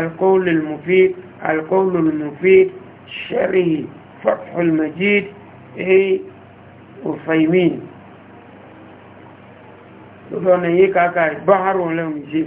alkoholul mufid alkoholul mufid sharihi fathul majid e ufaimin lọ́nà yí káàkà ìbáhàrùn lẹ́wọ̀n jẹ́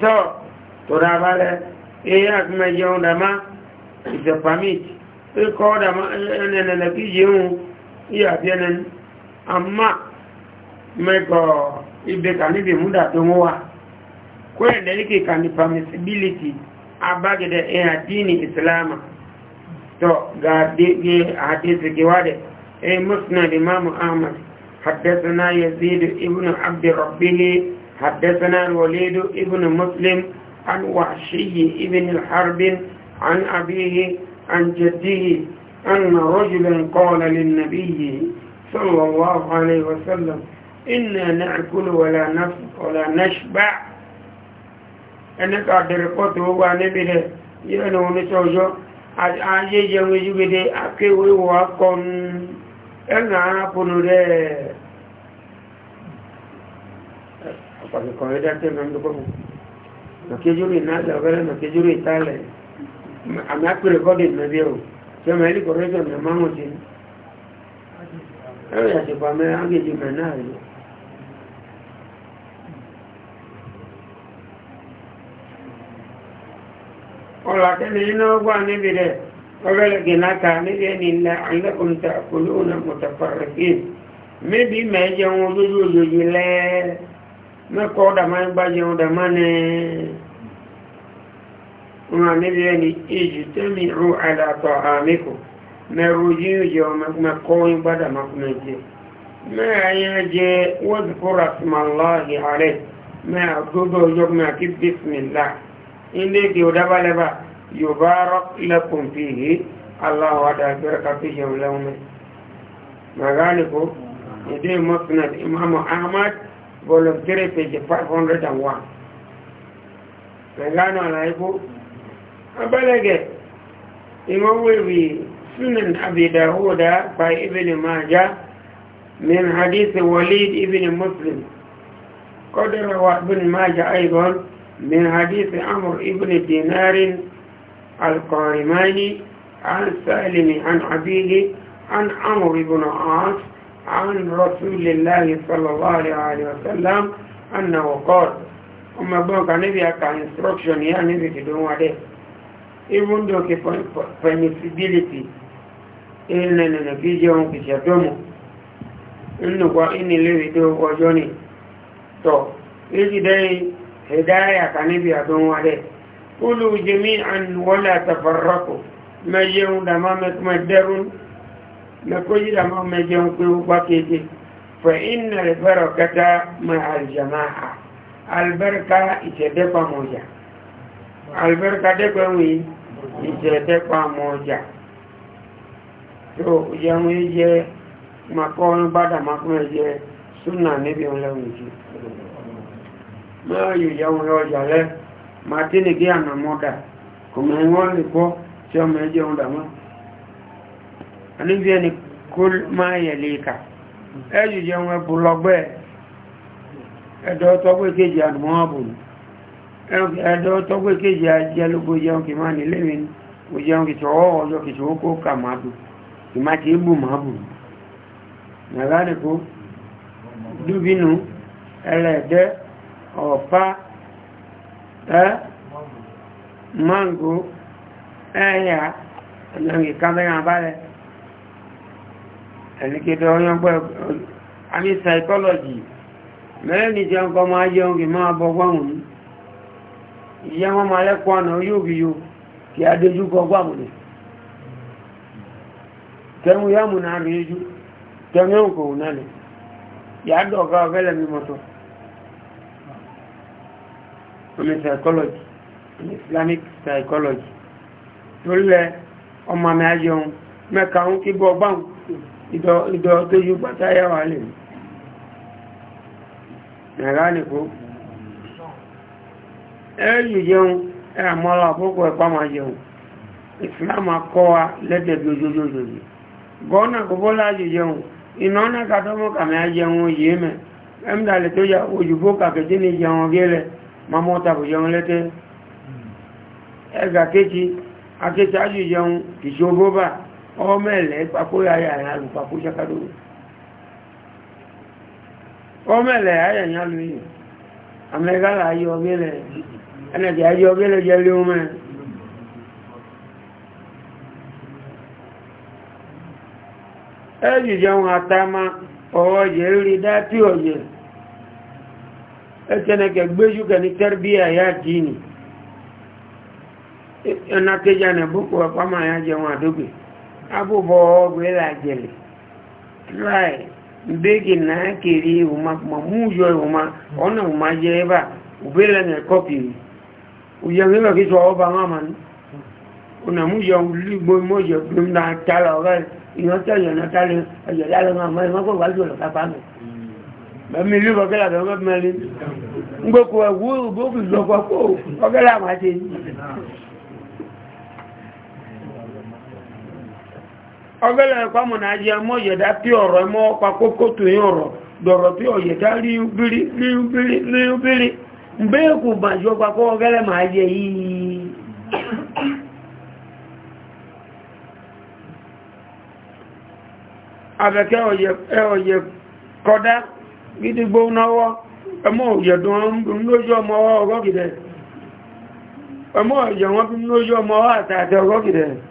tọ́ tọ́ra bá rẹ̀ èyí àkúmẹ̀jẹ̀ ọ̀dà má ìsẹ̀pàmìt ikọ̀ ọ̀dà má ẹnẹ̀nẹ̀ kí yéhun ìyàbí ẹnẹ̀ àmà mẹ́kọ̀ ibẹ̀ kàníbi múdà tó ń wà kó ẹ̀dẹ̀ ní kìkà ní permissibility abágẹ̀dẹ̀ ẹ̀yà díìnì ìsìláàmà حدثنا يزيد ابن عبد ربه حدثنا الوليد ابن مسلم عن وحشي ابن الحرب عن أبيه عن جده أن رجلا قال للنبي صلى الله عليه وسلم إنا نأكل ولا نفق ولا نشبع أنك أدرقته هو نبيه يأنه نتوجه أجي جمجي بده أكي ويوكم أنا أقول ذلك porque con ella te mando como no que yo ni nada ahora no que yo ni tal eh. a mí acuerdo con el medio yo me di correcto mi mamá sí pero ya se va me da que yo me nada Hola, que ni no va ni diré. Ahora que nada ni bien ni la anda con ta con una mutafarriqin. Me vi me llevo yo yo yo le mẹ́kọ́ ọ̀dàmá ń gbájẹ ọ̀dàmá ní wọn níbi ẹni ìjì tẹ́mì rú àdàtọ̀ àmìkò mẹ́rù yíò jẹ mẹ́kọ́ ìgbádàmá kúmẹ̀ jẹ mẹ́ayẹ jẹ wọ́n kúrà símàláàgì ààrẹ mẹ́ àgbógbó ọjọ́ mẹ́ àti bísmìlá ilé ìdí ọ̀dábálẹ́bà yorùbá lẹ́kùn fi hì aláwọ̀ àdàgbẹ̀rẹ̀ kàfí jẹun lẹ́wọ̀n mẹ́ màgáàlì kó ahmad volume 3 page 501 lẹ́gbàánà àlàyébó abẹ́lẹ́gẹ̀ ìmọ̀wéwì sunan abidahuda by ibn majah من حديث وليد ابن مسلم قد روى ابن ماجه أيضا من حديث عمرو ابن دينار القارماني عن سالم عن عبيد عن عمرو بن عاص عن رسول الله صلى الله عليه وسلم أنه قال أما بوك نبي أكا instruction يا نبي تدون عليه even though ki permissibility ilẹ̀ nìna kí jẹun kì ṣẹ̀dọ́mù nnukwa inilewide ọjọ́ ni tọ́ ìjìdẹ́ hidaya ka níbi àdúnwà rẹ̀ kúlù jẹ́mí àwọn wọ́lá tafarraku mẹ́jẹun dàmá mẹ́kúnmẹ́ dẹ́rùn-ún mẹ́kọ́ yìí dàmọ́ mẹ́jẹun pé ó gbá kéde fẹ́ iná ìbẹ̀rọ̀ kẹta mẹ́ àjàmáà alberka ìṣẹ̀dẹ́pamọ́jà alberka dẹ́pẹ̀wé ìṣẹ̀dẹ́pamọ́jà tó ìyàwó jẹ́ makọ́ ń bá dàmákùn ẹ̀jẹ̀ súnà níbi ọlẹ́wọ̀n jù mẹ́rin ìyàwó ọjà lẹ́ màtínìkí ànàmọ́dà kò mẹ́rin lè kọ́ tí ọmọ ẹ̀jẹ̀ ń dàmákùn àníbi ẹni kó máa yẹ̀lẹ̀ ìkà ẹ̀yù jẹun ẹbù lọ́gbẹ́ ẹ̀dọ́ tọ́gbé kejì àdùmọ́ọ̀bùn ẹ̀dọ́ tọ́gbé kejì ajẹ́lógbó jẹun kì kima nílé mi kò jẹun kì tọ́wọ́ ọjọ́ kì tọ́wọ́ kó kà máa bù kì máa ti bù máa bù nàlánìkó dúbínú ẹlẹ́ẹ̀dẹ́ ọ̀pá ẹ́ mángó ẹ̀yà ẹ̀lẹ́rìn kàmẹ́rà balẹ̀ ẹnikẹ́dọ̀ ọyán pẹ́ àmì psychology mẹ́rin jẹ́ ọkọ̀ máa yẹ orin máa bọ́gbọ́n ìyá wọn máa lẹ́kọ́ ọ̀nà yóò bí yóò kí a déjú bọ́gbọ́n ní tẹ́mú yá mú náà ríjú tẹ́mú òkò náà ni yà dọ̀gá ọ̀fẹ́lẹ̀ mi mọ́tọ̀ omi psychology islamic psychology tó lẹ ọmọ mi ajẹun mẹ́ka ń kí bọ́gbọ́n ìdọ̀ tó yí pátá yá wà lè nàrá nìkó ẹ̀yù jẹun ẹ̀mọ́lá àpókò ẹ̀pá máa jẹun ìsìláàmù akọ́ wa lẹ́tẹ̀bí ojojojojo gọ́ọ̀nà gbogbo láàjù jẹun iná náà kàtọ́mọ́ kàmí ajẹun yìí mẹ́ ẹ̀mdàlẹ̀ tó yà òjùbó kàkẹ́jì ní jẹun gẹ́lẹ̀ mamọ́ tàbí jẹun lẹ́tẹ́ ẹ̀gà kéjì akéjì ajù jẹun kìí ṣe ó bó báà ọmọ ẹ̀lẹ́ papòyà àyàyà lù papòyà kádó ọmọ ẹ̀lẹ́ àyàyà lù yìí amẹ́ríkà là ayé ọbẹ̀ lẹ̀ ẹnẹ̀dẹ̀ ayé ọbẹ̀ lẹ̀ jẹ́ lé ọmọ ẹ̀ ẹ̀jì jẹun àtàmà ọ̀ọ̀jẹ̀ rí dátí ọ̀jẹ̀ ẹ̀tẹ́nẹ̀kẹ̀ gbéjú kẹni tẹ́rbí àyà dìínì ẹ̀nà kéjà nẹ̀ bókò ọ̀pá máa yá jẹun àdógbè abụbọ ọgwụ ịlajele trai mbegi na kiri, ịwụma ma mụ ụjọ ịwụma ọ na ụma je ebe a ubele na kọpiri ụjọ ịwụma gị tụọ ọba nwa ma ụna mụ ụjọ ụlọigbo mọjọ bụ m na-atala ọga ìyọtọ ìyọnatali ọjọdalẹ nwa ma ịma gbọgbà jùlọ kápá mi bẹẹmi ìlú ọgẹlà bẹẹ mẹrin ọgẹ́lẹ̀ ẹ̀kọ́ mọ̀nà ajé ọmọ yẹ̀dá pí ọ̀rọ̀ ẹmọ́ ọpa kókó tó yí ọ̀rọ̀ dọ̀rọ̀ pí ọ̀yẹ̀dá ríúbírí mbẹ́ẹ̀kù bàjọ́ papọ̀ ọgẹ́lẹ̀ máa jẹ yìí abẹ́kẹ́ ọ̀yẹ̀ kọ́dá gidigbo náwọ́ ẹmọ́ ọ̀yẹ̀dùn lójú ọmọ ọgọ́gìdẹ̀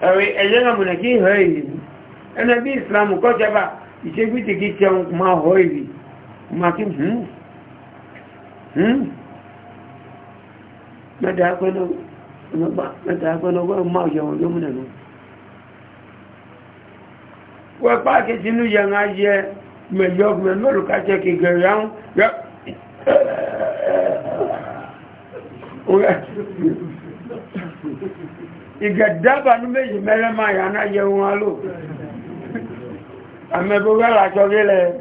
ẹ̀rẹ̀ ẹ̀yẹ́ náà mọ̀nà kí ìhọ́ ìrì ẹ̀nà bí islam kọ́jọba ìṣẹ́gbìtì kí tẹun ma họ́ ìrì ma kí hùn hmm? hùn hmm? mẹ́ta akọ́nà ọgbọ́n máa yẹ̀wọ̀n ló múnà náà wọ́n pàákì tínú yẹn á yẹ mẹ́jọ́ mẹ́lú káṣẹ́ ìgẹ̀dẹ́bà ní méjì mẹ́rẹ́ máa yà náà yẹ wọn lò àmẹ́gbogbo àlàjọ gílẹ̀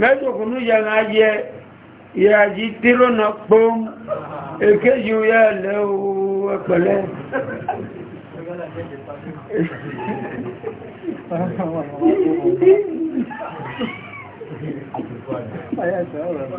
mẹ́jọkùnú yẹ náà yẹ ìyàjí tírọ́nà pọ́m èkéjì yẹ lẹ́ ẹ̀pẹ̀lẹ́ Ayáṣẹ́ ọ̀rọ̀.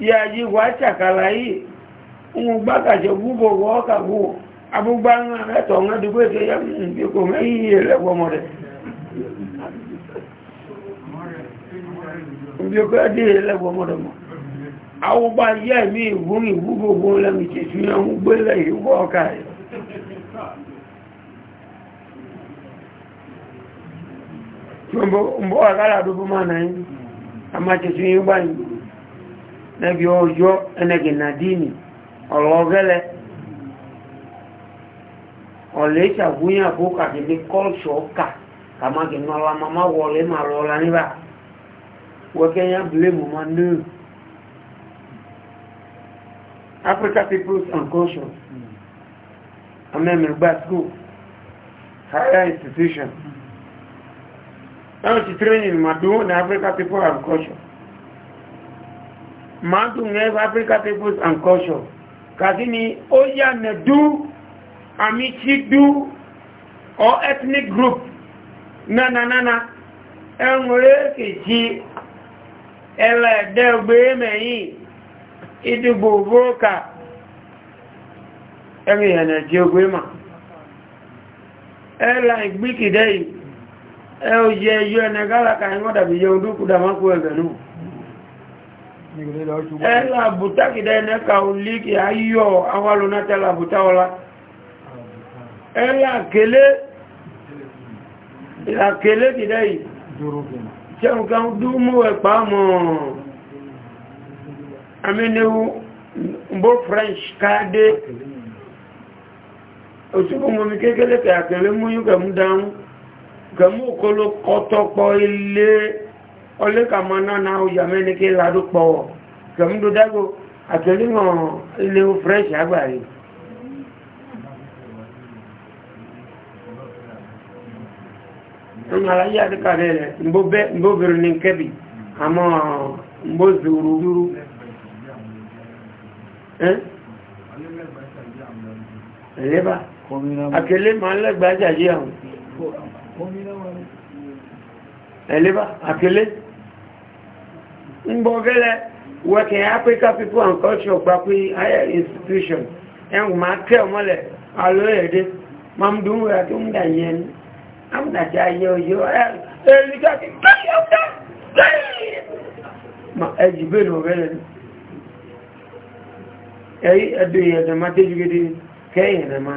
yaji wacha kalai ugbakaje gubo woka guo abugbanga eto nga dubete ya mbiko ngiyele gomore mbiko adiyele gomore mo awu ba ye mi wuni gubo guo la mi ya ngbele dubu mana yi ama chesu yi ba nẹ́bí ọjọ́ ẹnẹgìnàdínì ọ̀lọ́gẹ́lẹ́ ọ̀lẹ́ ìṣàgúnyàbó kàtìbí kọ́ọ̀ṣọ́ ọ̀kà kàmágìnà ọ̀la mamá wọlé máa lọ́la níbà wọ́kẹ́yà blame ma nù Africa peoples and cultures amẹ́mẹ̀gbà school higher institution náà ti training ma ní Africa people and culture Mountain Wave Africa Peoples and Culture. Kazini Oya Nedu, Amici Du, or ethnic group. Na na na na. Enwere keji ẹlẹ́ẹ̀dẹ́ ogbe mẹ́yìn ìdìbò vóòkà ẹ̀rìn ẹ̀nà jí ogbe mà. Ẹlà ìgbìkìdẹ́ yìí, ẹ ò yẹ ẹyọ ẹ̀nà gálàkà ẹ̀ngọ́dàbí yẹ odúkú dàmákú ẹ̀gẹ̀ náà ẹ̀là bùtá kìdá ẹ̀nẹ́ka olíkì ayọ́ àwọn alónátà ẹ̀là bùtá ọlá ẹ̀là kèlé kìdá yìí ṣẹ́rùn kan dúmú ẹ̀pá mọ̀ amínewú mbó french káàdé òṣùgbò mọ̀mí kékeré kẹ̀kẹ̀lé múyún kẹ̀mú dáhùn kẹ̀mú òkolo kọ́tọ́pọ̀ ilé ole ka mana na ụja mene ka ịladụ kpọwọ ka m dudago atoli ṅụrụ ilewu fresh agbari ŋmala yi adika de lɛ nbo bɛ nbo akele ma lɛ gbadza yi awo akele. mbogele working africa people and culture gbapwe higher institution ẹn ma kẹ́ ọmọlẹ̀ alóyèdè ma ń dún wẹ́rẹ́ tó ń dà ma ẹ̀jì bẹ́ẹ̀ lọ́gẹ́lẹ̀ ní ẹ̀yí ẹ̀dọ̀ ìyẹ̀dọ̀ ma tẹ́jú gidi ma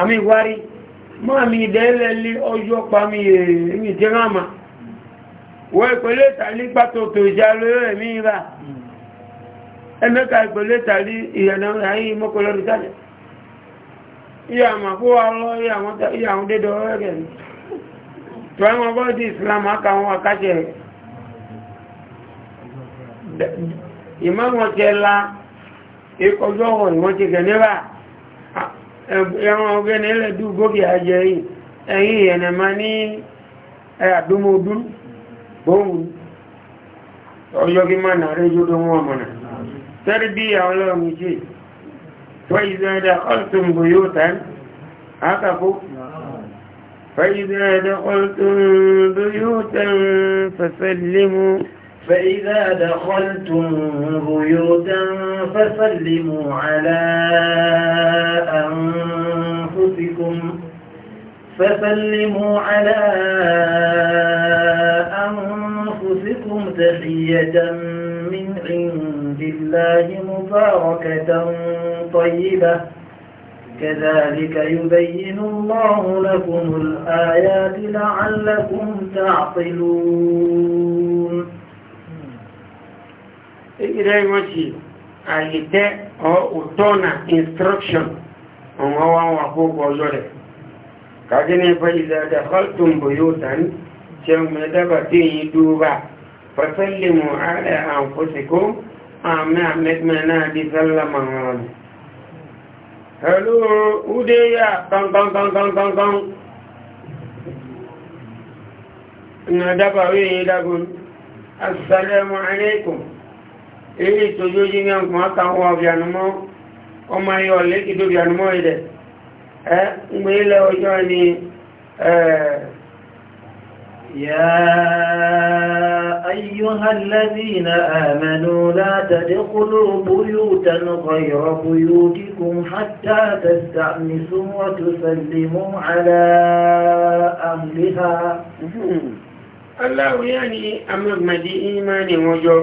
àmì ìwárí máa mi ìdẹ́lẹ̀ lé ọjọ́ pa mi èmi jẹ́ráàmà wọ́n ìpẹ̀lẹ̀ ìtàlí pàtòtò ìjà lórí ẹ̀mí ìrà ẹmẹ́ka ìpẹ̀lẹ̀ ìtàlí ìyànà rẹ̀ rẹ̀ ìkọjọ́ ìwọ́n ti gẹ̀ ẹ̀wọ̀n ọgbẹ́ni ẹlẹ́dù gógì ajẹ́ yìí ẹ̀yìn ìyẹnẹ̀má ní àdúmọ̀dún bóhùn ọjọ́gí máa nà rí yóò dánwọ́ ọmọ̀nà tẹ́rí bí ọlọ́run jẹ́ fẹ́ìzẹ́ẹ̀dẹ́ ọlọ́tún bò yóò فإذا دخلتم بيوتا فسلموا على أنفسكم فسلموا على أنفسكم تحية من عند الله مباركة طيبة كذلك يبين الله لكم الآيات لعلكم تعقلون very much àyètẹ́ or òtọ́nà instruction ọ̀wọ́n wá wà kókò ọjọ́ rẹ̀ kàdé ní fẹ́ ìdájá haltun boyotan jẹun mẹ́dábà tí yí dúbà fasallimu ala anfusikum àmì àmẹ́gbẹ́ náà di sallama wọn hello ude ya kankankankankankan na dábà wíyí dágún assalamu alaikum èyí ìtòjú ojú ní ọgbọ̀n akáwọn ọ̀bìànumọ́ ọmọ ayé ọ̀lẹ́ kìdó ọ̀bìànumọ́ ilẹ̀ ẹ́ ń gbé ilẹ̀ ọjọ́ ni يا أيها الذين آمنوا لا تدخلوا بيوتا غير بيوتكم حتى تستأنسوا وتسلموا على أهلها الله يعني أمر مدي إيمان وجب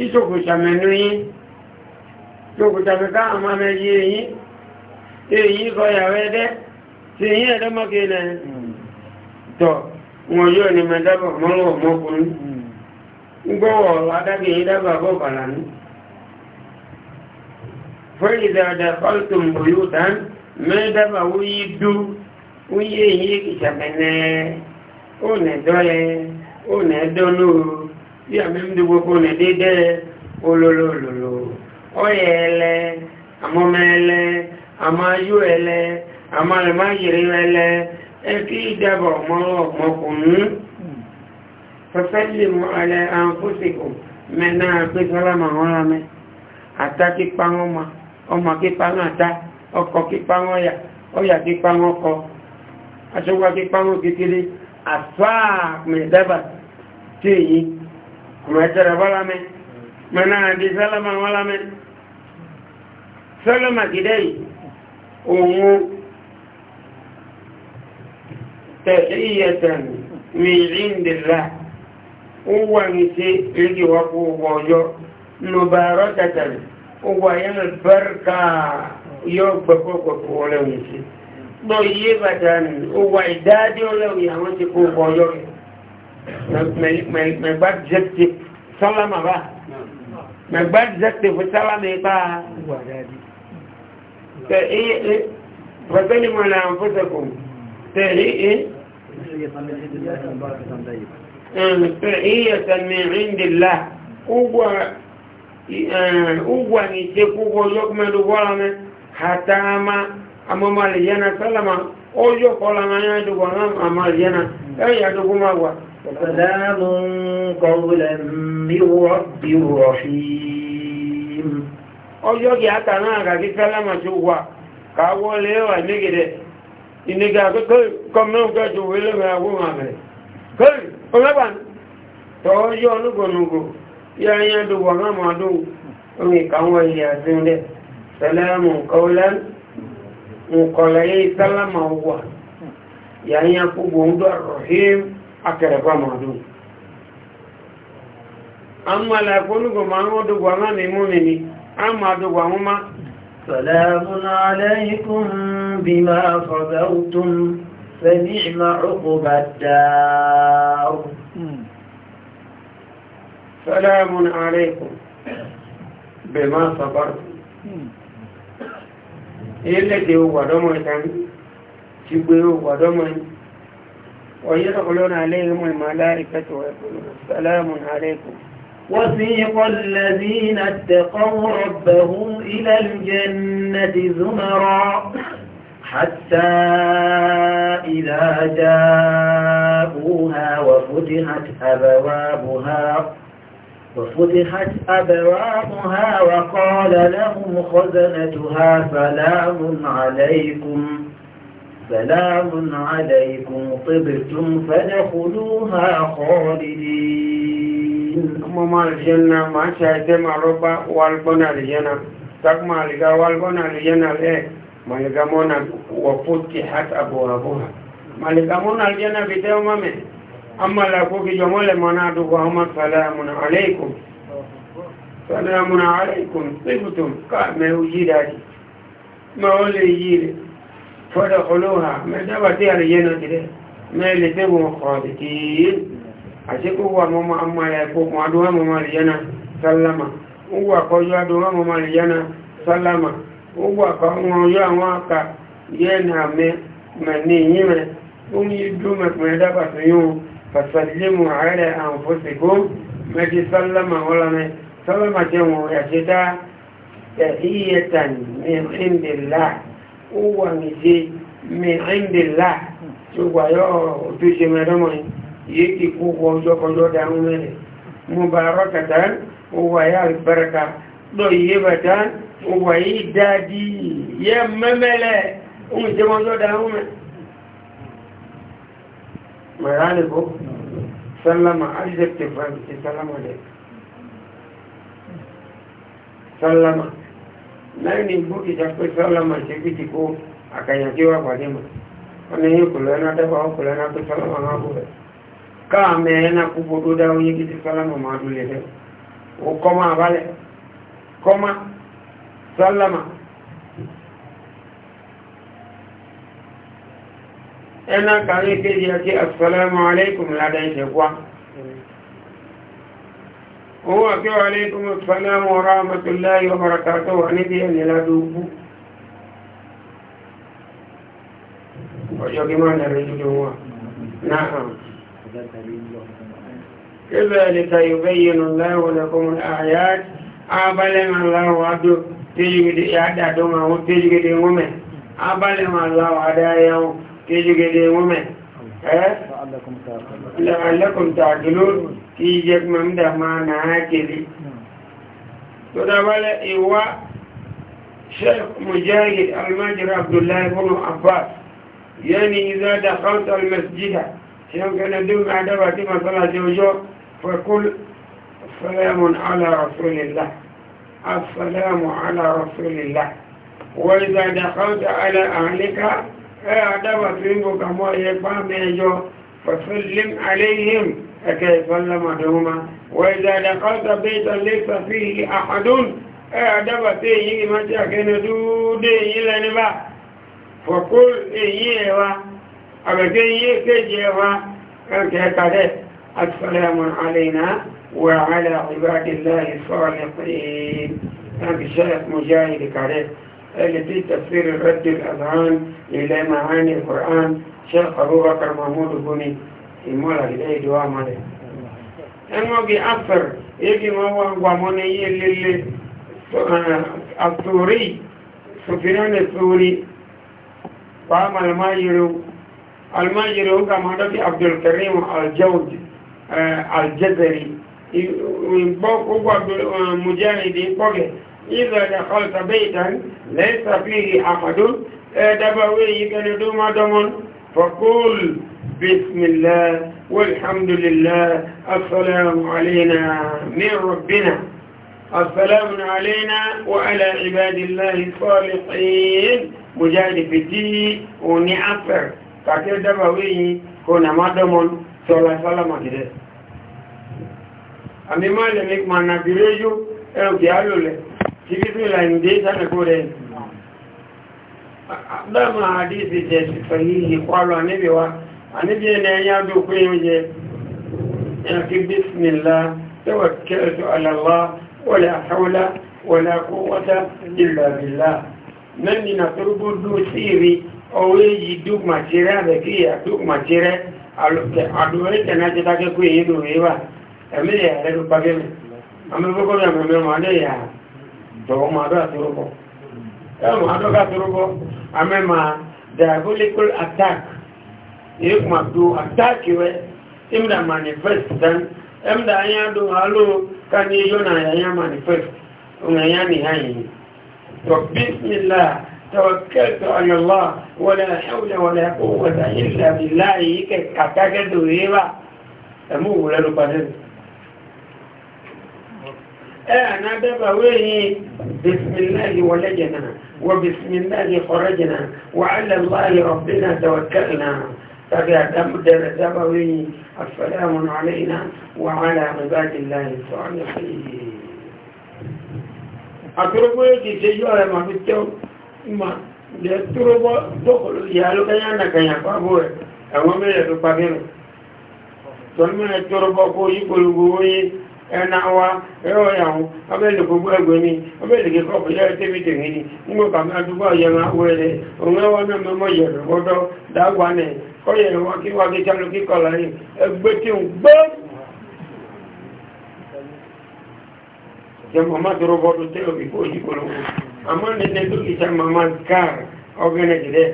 ìṣòkò ìṣàmẹ̀nú yín ṣòkò ìṣàmẹ̀ká àwọn amẹ́yí èyí èyí kọ ìyàwó ẹdẹ́ tí èyí ẹ̀dẹ́ mọ́kílẹ̀ tọ̀ wọn yóò ní mẹ́dábà mọ́lọ̀ mọ́kùnrin gbọ́wọ̀ bọ́ ní bí àmì ń di gbogbo ní dédé olólòlòlò ọyẹ ẹlẹ àmọmọ ẹlẹ àmọ ayú ẹlẹ àmọ àlùmọ ayèrè ẹlẹ ẹ kí ìjábọ ọmọ ọmọkùnrin fẹfẹlẹmọ ẹlẹ àǹfóṣìkò mẹna àgbẹsọlámà ọlá mẹ kípa wọn ma ọmọ kípa wọn àtà ọkọ kípa wọn yà ọyà kípa wọn kọ aṣọwọ kípa wọn kékeré àfáà mẹdábà tí èyí mẹ́tẹ̀rẹ̀ bọ́lá mẹ́ mẹ́nà àdí sálọ́mà wọ́lá mẹ́ sálọ́mà gidẹ́ yìí òun tẹ̀síyẹ̀tẹ̀ mìírìndìlá ó wà ní sí rígi wọ́pù ọjọ́ lóbàárọ̀ tẹ̀tẹ̀rẹ̀ ó wà yẹn bẹ́rẹ̀ká yóò gbẹ̀kọ́gbẹ̀kọ́ ọlẹ́wìn sí lọ yé bàtà ní ó wà ìdádé ọlẹ́wìn àwọn ti kó ọjọ́ rẹ̀ mẹ̀gbá jẹ́tẹ̀ sálámà bá mẹ̀gbá jẹ́tẹ̀ fún sálámà ipá tẹ̀ iye pẹ̀tẹ́lì mọ̀lá fọ́sẹ̀kùn tẹ̀ iye tẹ̀ iye tẹ̀mí ríndìlá ugwa ni ṣe kúgbọ́ yọ́kùnmẹ́lú bọ́lá mẹ́ hàtàmà amọ́mọ́lẹ̀ yẹna sálámà ó yọ́kọ́lá máa yá dùgbọ́n àmọ́lẹ̀ yẹna ẹ̀yà dùgbọ́n máa wà سلام قولا من رب رحيم ọjọ́ kí a kà náà kàkí sálámà tó wà káwọ́ lẹ́wà nígidẹ̀ ìnigà kọ́ kọ́mọ́kọ́ tó wé lọ́wọ́ àwọn àmì kọ́ ọlọ́bà tọ́ọ́jọ́ olúgbọ̀nùgbò yá yá dùgbọ̀ náà máa dùn omi ìkàwọ̀ ilẹ̀ àti ilẹ̀ sálámù kọ́lá nkọ̀lẹ̀ sálámà akẹrẹ̀kọ́ mọ̀dún a mọ́ àlàkó olúgbọ̀mọ̀ àwọn ọdọ́gbọ̀ àwọn àmì mú mi ni a mọ́ àdọ́gbọ̀ àwọn má salamun alaykum bima sabartum fani'ma uqbad dar salamun alaykum bima sabartum hmm. ilẹ̀ tí ó wà dọ́mọ̀ ìtàn ti gbé ó ويدخلون عليهم الملائكة ويقولون السلام عليكم وثيق الذين اتقوا ربهم إلى الجنة زمرا حتى إذا جاءوها وفتحت أبوابها وفتحت أبوابها وقال لهم خزنتها سلام عليكم سلام عليكم طبتم فدخلوها خالدين مما الجنة ما شاهد مع ربا والبنى الجنة تقمع لغا والبنى الجنة لإيه ليه مالغمون وفتحت أبوابها مالغمون الجنة بتاو ممن أما لأكوك جمال وهم سلام عليكم سلام عليكم طبتم كأمه جيداتي ما أولي اللي فدخلوها ما دبت الجنة كده ما اللي تبوا خالدين àṣíkò wà mọ́mọ́ àmà ẹ̀kọ́ mọ́ adúwà mọ́mọ́ àríyànà sálámà ó wà kọjú adúwà mọ́mọ́ àríyànà sálámà ó wà kọjú àwọn aka yẹ́nà mẹ́ mẹ́ni yímẹ́ ní dúmẹ̀ mẹ́dábà ó wà nìṣe mẹ́rìndínlá tó wà yọ ojúṣe mẹ́rẹ́mọ́ yìí kì kú wọ ọjọ́ kọjọ́ dáhùn mẹ́rẹ̀ mo bá rọ́kàtà ó wà yá àlùbáràkà lọ yìí bàtà ó wà yìí dáadí yẹ mẹ́mẹ́lẹ̀ ohun ìṣẹ́ ọjọ́ dáhùn mẹ́ mẹ́rànlẹ́bó láì ní igbó kìí sàpé sọ́lọ́mà ṣe bí ti kó àkàyàn tí wà pàdé mọ̀ wọ́n ní yóò kòlọ́ ẹ̀nà dẹ́gbà ó kòlọ́ ẹ̀nà pé sọ́lọ́mà máa bò rẹ̀ káàmẹ́ ẹ̀nà púpọ̀ tó dá oyin kìí sọ́lọ́mà máa dúlé rẹ̀ ó kọ́má àbálẹ̀ kọ́má sọ́lọ́mà ẹ̀nà kàrí kéjì àti asọ́lọ́mà aláìkùm ládàá ìṣẹ̀kwá owó àti wàlékún sàlámù ọ̀rọ̀ àmàtòláyé ọmọrọ̀ta tó wà níbi ẹni ládógú ọjọ́ kí máa lẹ́rẹ̀ jùlọ wọn náà كذلك يبين الله لكم الآيات أبلغ الله عبده تجد يعدى دوما وتجد يومه أبلغ الله عدى يوم تجد يومه لعلكم تعقلون kí jẹ́ mọ́mdà máa náà kiri tó dábálẹ̀ ìwá sheikh mujahid almajir abdullahi bin abbas yẹni ìzá da kọ́ntà almasjida tí ó gẹ́nà dùn àdábà tí masala jẹ́ ojọ́ fẹ́kúl salamun ala rasulillah assalamu ala rasulillah وإذا دخلت على أهلك أعدم فيك كما يقام يجو فسلم عليهم أكي سلم دوما وإذا دخلت بيتا ليس فيه أحد أعدب فيه ما تكن دودي إلا نبا فقل إيهوا أبكي إيهوا أنت كده السلام علينا وعلى عباد الله الصالحين أنت شيخ مجاهد كده اللي في تفسير الرد الأذهان إلى معاني القرآن شيخ أبو بكر محمود بني ìmọ́ra ilẹ̀ ìdíwá mọ́lẹ̀ ẹmọ́gi afẹ́r yégi wọ́n wá ń gbàmọ́ ní yé lélẹ̀ àtòrí sọfìránì sórí pàmà almáyèrò almáyèrò ó gàmọ́ dọ́kí abdulkarim aljawd aljazari gbogbo mujahidi pọ́gẹ̀ إذا دخلت بيتا ليس فيه أحد دبوي كان دوما دمون فقول بسم الله والحمد لله السلام علينا من ربنا السلام علينا وعلى عباد الله الصالحين مجاهد في الدين ونعفر كثير دبوي كنا مدمون صلى الله عليه وسلم àmì máa lè ní ma nà bí réjú ẹrù kìí àlò lẹ̀ tí bí bí láì dé sánàkó rẹ̀ dáàmà àdíṣẹ́ àníbi ẹni ẹ̀yà dókú oúnjẹ ẹ̀kí bísmìlá tẹ́wàkẹ́ẹ̀tọ́ alàlá wọlé àṣáwọlá wọlé àkọwọ́ta ìlàbìlá mẹ́ni na torúgbó dúó sí rí ọwọ́ èyí dúkmàtíra rẹ̀ kí ìyà dúkmàtíra àdúwẹ́rẹ́tẹ̀ náà jẹ́ dákẹ́kú èyí ló rí wà ẹ̀mí ẹ̀yà rẹ̀ ló pàgẹ́mì àmì gbogbo rẹ̀ mẹ́mẹ́ mọ́ alẹ́ ìyà dọ̀wọ́ máa dọ́ àtorúgbọ́ ẹ̀mọ́ adọ́gà torúgbọ́ àmẹ́mà diabolical attack yekuma do ataki we imda manifest dan imda anya do halo kan yeyo na anya manifest unganya ni hayi to bismillah tawakkaltu ala allah wala hawla wala quwwata illa billah yike katake do yeba amu wala lo pare eh anadaba weyi bismillah wala jana وبسم الله خرجنا وعلى الله ربنا توكلنا تابع تابد الرزاب ويني السلام علينا وعلى عباد الله الصالحين أتربو يكي سيجو على ما بيتو ما يتربو دخل يالو كيانا كيانا بابوه أما ميلا تبابيرو tọ́lùmọ́ ẹ̀tọ́rọ̀bọ̀ kó yí polówó yí wa ẹ̀rọ ìyàwó abẹ́lẹ̀ gbogbo ẹgbẹ̀ ni abẹ́lẹ̀ kíkọ́ pẹ̀lẹ́ tẹ́mítẹ̀mí ní mú bàmí àdúgbò ọ̀yẹ̀má wẹ̀rẹ̀ òun ẹwà náà mẹ́mọ́ yẹ̀rọ̀ gbọ́dọ̀ náà ọyẹ wọn kí wọn kí sálọ kíkọ láyé ẹgbẹ́ tí ń gbé jẹmọ má tọrọ bọdún tẹ òbí kó yí polówó àmọ́ nínú ẹgbẹ́ kí sá màmá káà ọgẹnẹ jìlẹ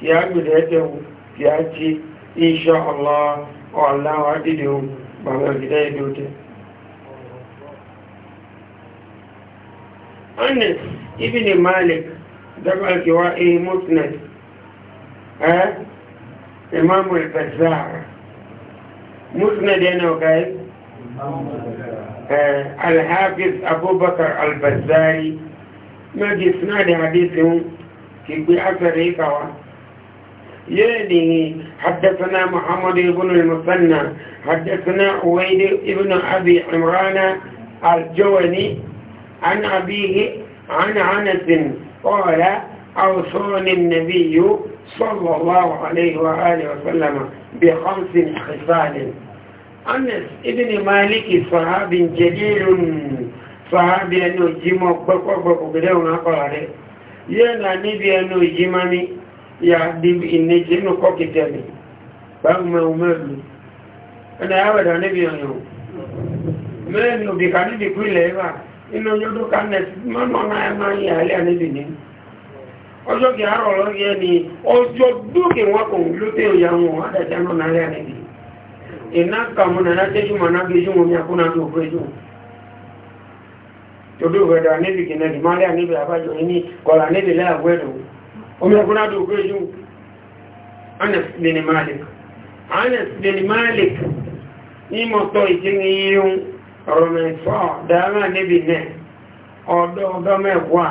kí á gbèdé ẹtẹ wò kí á ti iṣẹ ọlọ ọlá wa dìde o bàbá jìlẹ ẹdẹ o tẹ. Anas ibn Malik dabal kiwa a musnad eh إمام البزار مسند أنا وقال آه، الحافظ أبو بكر البزاري ما جسناد حديثه في أثر كوا يعني حدثنا محمد بن المثنى حدثنا عبيد بن أبي عمران الجواني عن أبيه عن عنس قال أوصاني النبي صلى الله عليه وآله وسلم بخمس خصال أنس ابن مالك صحاب جليل صحابي أنه جمع بقوة بقوة بدون أقرار يانا نبي أنه جمعني يعدب إني جمع كوكتاني فأما أمامي أنا أود أن نبي أنه mẹ́rin òbí kan níbi kú ilẹ̀ ẹ̀bà inú ọjọ́ tó ká nẹ́sì mọ́nà ọjọ́ kí àárọ̀ lọ́rí ẹni ọjọ́ dúkì wọn kò lóté òyà wọn adájánú náà nìbí iná kàmù náà tẹ́jú mọ̀ náà gẹ́jú wọn ní àkúnà tó gbẹ́jú tòdó ìwẹ̀dà níbi kìnnà ìmọ́lẹ̀ níbi àbájọ ní kọ̀là níbi lẹ́àgbẹ́dù omi àkúnà tó gbẹ́jú Anas bin Malik Anas bin Malik ní mọ̀tọ́ ìtìní yíyún rọ̀mẹ̀fọ́ dáhà níbi náà ọ̀dọ́ ọ̀dọ́ mẹ́wàá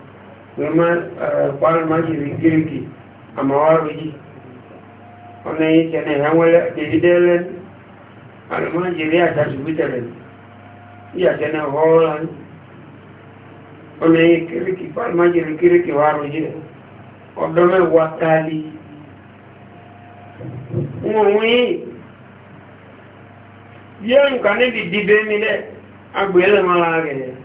mema palma hivi kiriki ama waruji ona hii tena hawala dividelen alma jiri atasubitelen ya tena holan ona hii kiriki palma jiri kiriki waruji odome wakali mwi yen kanedi dibemile agbele malagele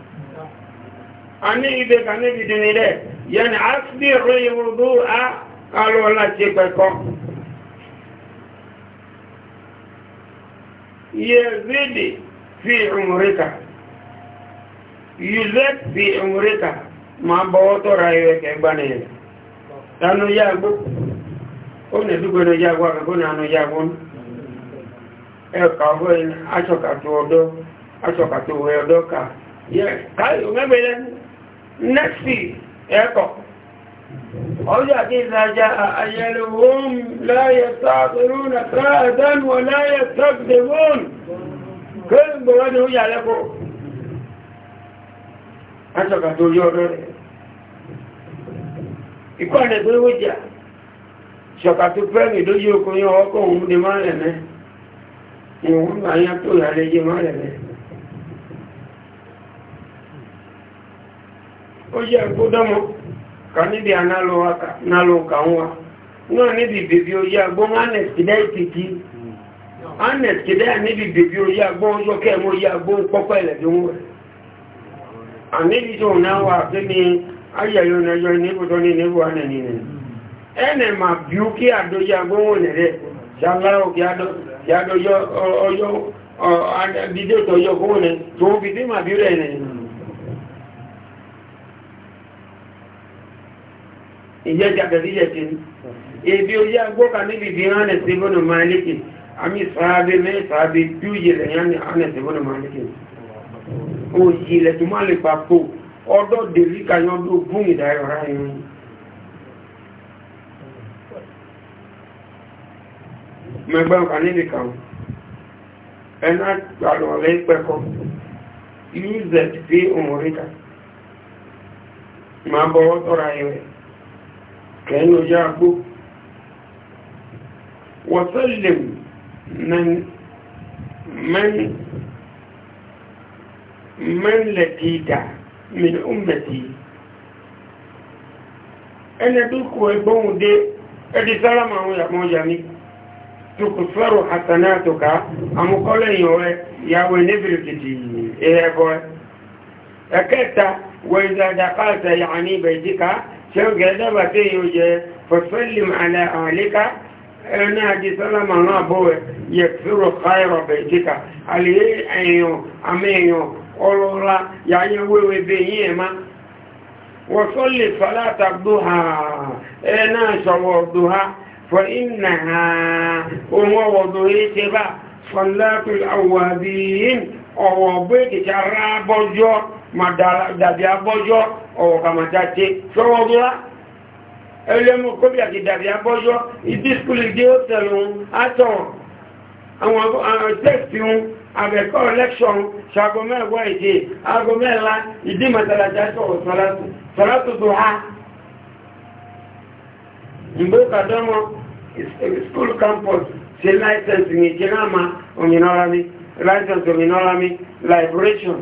ani ibe ka ne bidin ni dɛ yanni asibiru iwudu a alo la tse kpɛkɔ yezidi fi umurika yuzek fi umurika ma bɔwɔ tɔra yɛ kɛ gbani yɛ anu yagbo o ne dugu ne yagbo a ko ne anu yagbo ɛ kawo fɔ yen atsɔ ka to o dɔ atsɔ ka nẹ́sì ẹ̀kọ̀ ọjọ́ àti ìsàjá àyẹ̀lẹ̀wọ́n láyẹ̀ sáàtọrún na sáàdán wọ láyẹ̀ sọ́gbẹ̀wọ́n kẹ́lù gbọ́rọ̀ ni ó yà lẹ́kọ́ aṣọ́kàtò yọ rẹ̀ ikọ́ rẹ̀ pé ó jà ṣọ̀kàtò pẹ́mì lójú ọkọ̀ oyi yẹ gbódọ́mọ ka níbi ànálòkà ń wa náà níbi bèbí oyé agbọ́n ane kìdẹ́ ìtìkì ánẹ̀t kìdẹ́ níbi bèbí oyé agbọ́n yọ kẹ́ẹ̀mọ́ oyé agbọ́n pọ́pọ́ ẹ̀lẹ́dún rẹ̀ àníbi tó náà wà pé ní ayẹyọ nẹjọ níbùdó ní níbù ánẹ̀ nínú ẹnẹ̀ mà bí ó kí àdóyé agbọ́n wọn nẹ̀rẹ̀ ṣàlárò kí àdóyé ọyọ́ dídé tɔ yọ kó wọn tó bi ma ìjẹ́ jàbẹ̀ríyẹ̀ ti ebi oyé agbóka níbi bí hàn ẹ̀sẹ̀ bọ́nà máàlìkì àmì sàábé mẹ́sàábé tí ó yẹlẹ̀ hàn ẹ̀sẹ̀ bọ́nà máàlìkì ó yìlẹ̀ tó má lè papò ọdọ́ dèrí kayọ́dọ́ gún ìdáyọ̀ ráyìn mẹ́gbẹ́ ọkà níbi kàwọ́ ẹ̀nà àlọ́ rẹ̀ tọ́ra ẹ̀rẹ̀ kẹ́yìn ojú agbó wọ́sẹ́lẹ̀m mẹ́lẹ̀dìdà mìí ọmọdé ẹni tó kò ẹgbọ́n dé ẹdí sálámà àwọn ìyàmọ́ ìyà ní tukù fẹ́rù àtàná àtòká àmúkọ́lẹ̀ ìyàwó ìyàwó ìníbìrì kìtì ẹ̀kẹta wọ ìzàdàkà tí ó gẹ̀ẹ́dẹ́ bà tí yóò jẹ fọ́sẹ́lìm alẹ́ àlíká ẹni àti sọ́lámà náà bó ẹ yẹ fúrò káìrọ̀ bẹ̀jíkà àlèyé ẹ̀yàn àmì ẹ̀yàn ọlọ́ra yàáyẹ wéwé bẹ yí ẹ má wọ́sọ́lì sọ́látà dùhà ẹ̀ náà dùhà fọ́ ìnà ohun ọwọ́ dùhé ṣe bá madara dàbí abọ́jọ́ ọ̀wọ̀ kàmàjáde ṣọ́wọ́ bíra ẹlẹ́mú kóbi àti dàbí abọ́jọ́ ìdí skúlì dé ó tẹ̀lú àtọ̀ àwọn tẹ́ẹ̀sì ń àbẹ̀kọ́ election ṣàgọ́ mẹ́wọ́ èdè àgọ́ mẹ́la ìdí màtàlàjà sọ̀rọ̀ sọ̀rọ̀tùtù ha ìgbókàdọ́mọ school campus ṣe license ìgbìjìnàmà òmìnira mi license òmìnira mi liberation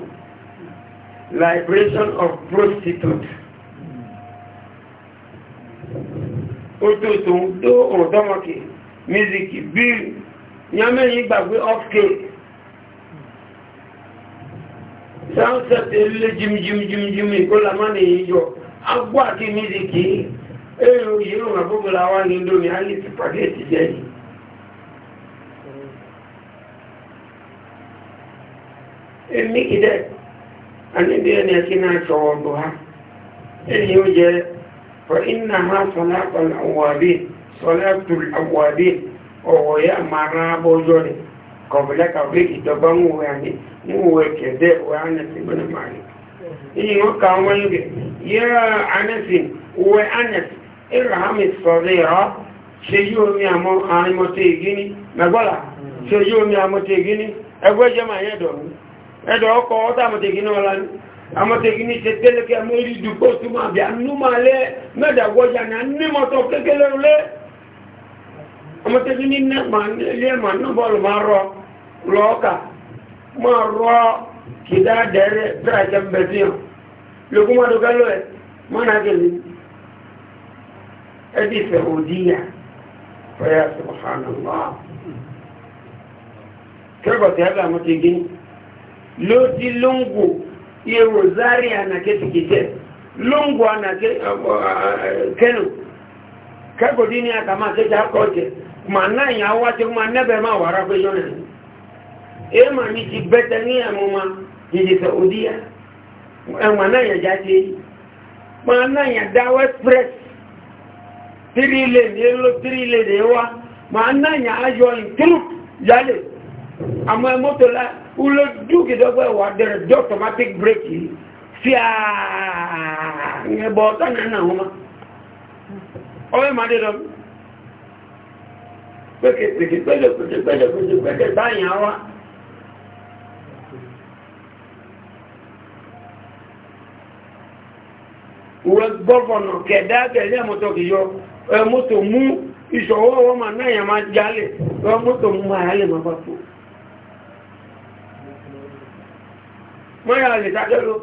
liberation of prostitute òtòtò dó òtọ́mọ̀kì music bill yánmẹ́yìn gbàgbé off-cake sáńsẹ̀tì lé jimjimjimjimi kó lámá ní ìjọ agbó àti music èrò yìí ràn gbogbo àwọn ní ti alice paget jẹ́ yìí èmi kìí dẹ́ anibi ẹni ẹkí náà tọwọ́ bọ̀ ha ẹni o jẹ́ fọ iná ha sọlá pẹ̀lú àwọ̀dé sọlá tó àwọ̀dé ọ̀wọ̀ yẹ àmàrà abọ́jọ́ rẹ̀ kọ̀bílẹ̀ kàwé ìdọ́gba ń wọ ẹni ń wọ ẹ̀kẹ́dẹ́ wọ anẹ́sì gbọ́dọ̀ máa rẹ̀ ẹni wọ́n kà wọ́n yẹ yẹ́rọ omi àmọ́ àrìmọ́tẹ́ ìgíní ẹ̀dọ̀ ọkọ̀ ọ́tà àmọ̀tẹ̀kì náà la ní àmọ̀tẹ̀kì ní ṣe tẹ́lẹ̀ kí amórí dùpọ̀ túmọ̀ àbí anúmọ̀lẹ́ mẹ́dàgbọ́jà ní anímọ̀tọ̀ kékeré lé àmọ̀tẹ̀kì ní ilé ẹ̀mà náà bọ́ọ̀lù máa rọ lọ́ọ̀kà máa rọ kìdá dẹ́rẹ́ bẹ́ẹ̀ bẹ́ẹ̀ lókùnmọ́dọ́gálọ́ ẹ̀ mọ́nàgẹ̀lẹ́ ẹ̀dì ìfẹ̀hòdíyà fẹ́yà Lodi lungu iye rosari ànàkẹ́ ti kìtẹ́ lóńgò ànàkẹ́ kẹ́nù kẹ́kọ̀ọ́ dín ní àtàmà àtẹ́jà kọ́ọ̀tẹ̀ mà náà yà wá tí ma nẹ́bẹ̀ máa wà rápẹ́ yọ́nà èèmà ní ti bẹ́tẹ̀ ní ẹ̀mọ́má yìí òdíyà ẹ̀mà náà yà jáde mà náà yà dáwọ́ express tírí ilé ní ló tírí ilé ní wá mà náà yà ayọ̀ ìtúrù yálẹ̀ àmọ́ ẹ̀mọ́tò láti ulo duki dogbe wa dere do automatic brake yi fia nye bo ta na na homa oye ma de dom peke peke peke peke peke peke peke ta yin awa wo gbọ́fọ̀nà kẹ̀dá tẹ̀lé mọ́tò kì yọ mọ́tò mú ìṣọ̀wọ́ wọ́n ma náà yẹn ma jálẹ̀ e mọ́tò mú ma yálẹ̀ ma bá fún mọ́ra lè sájọ́lò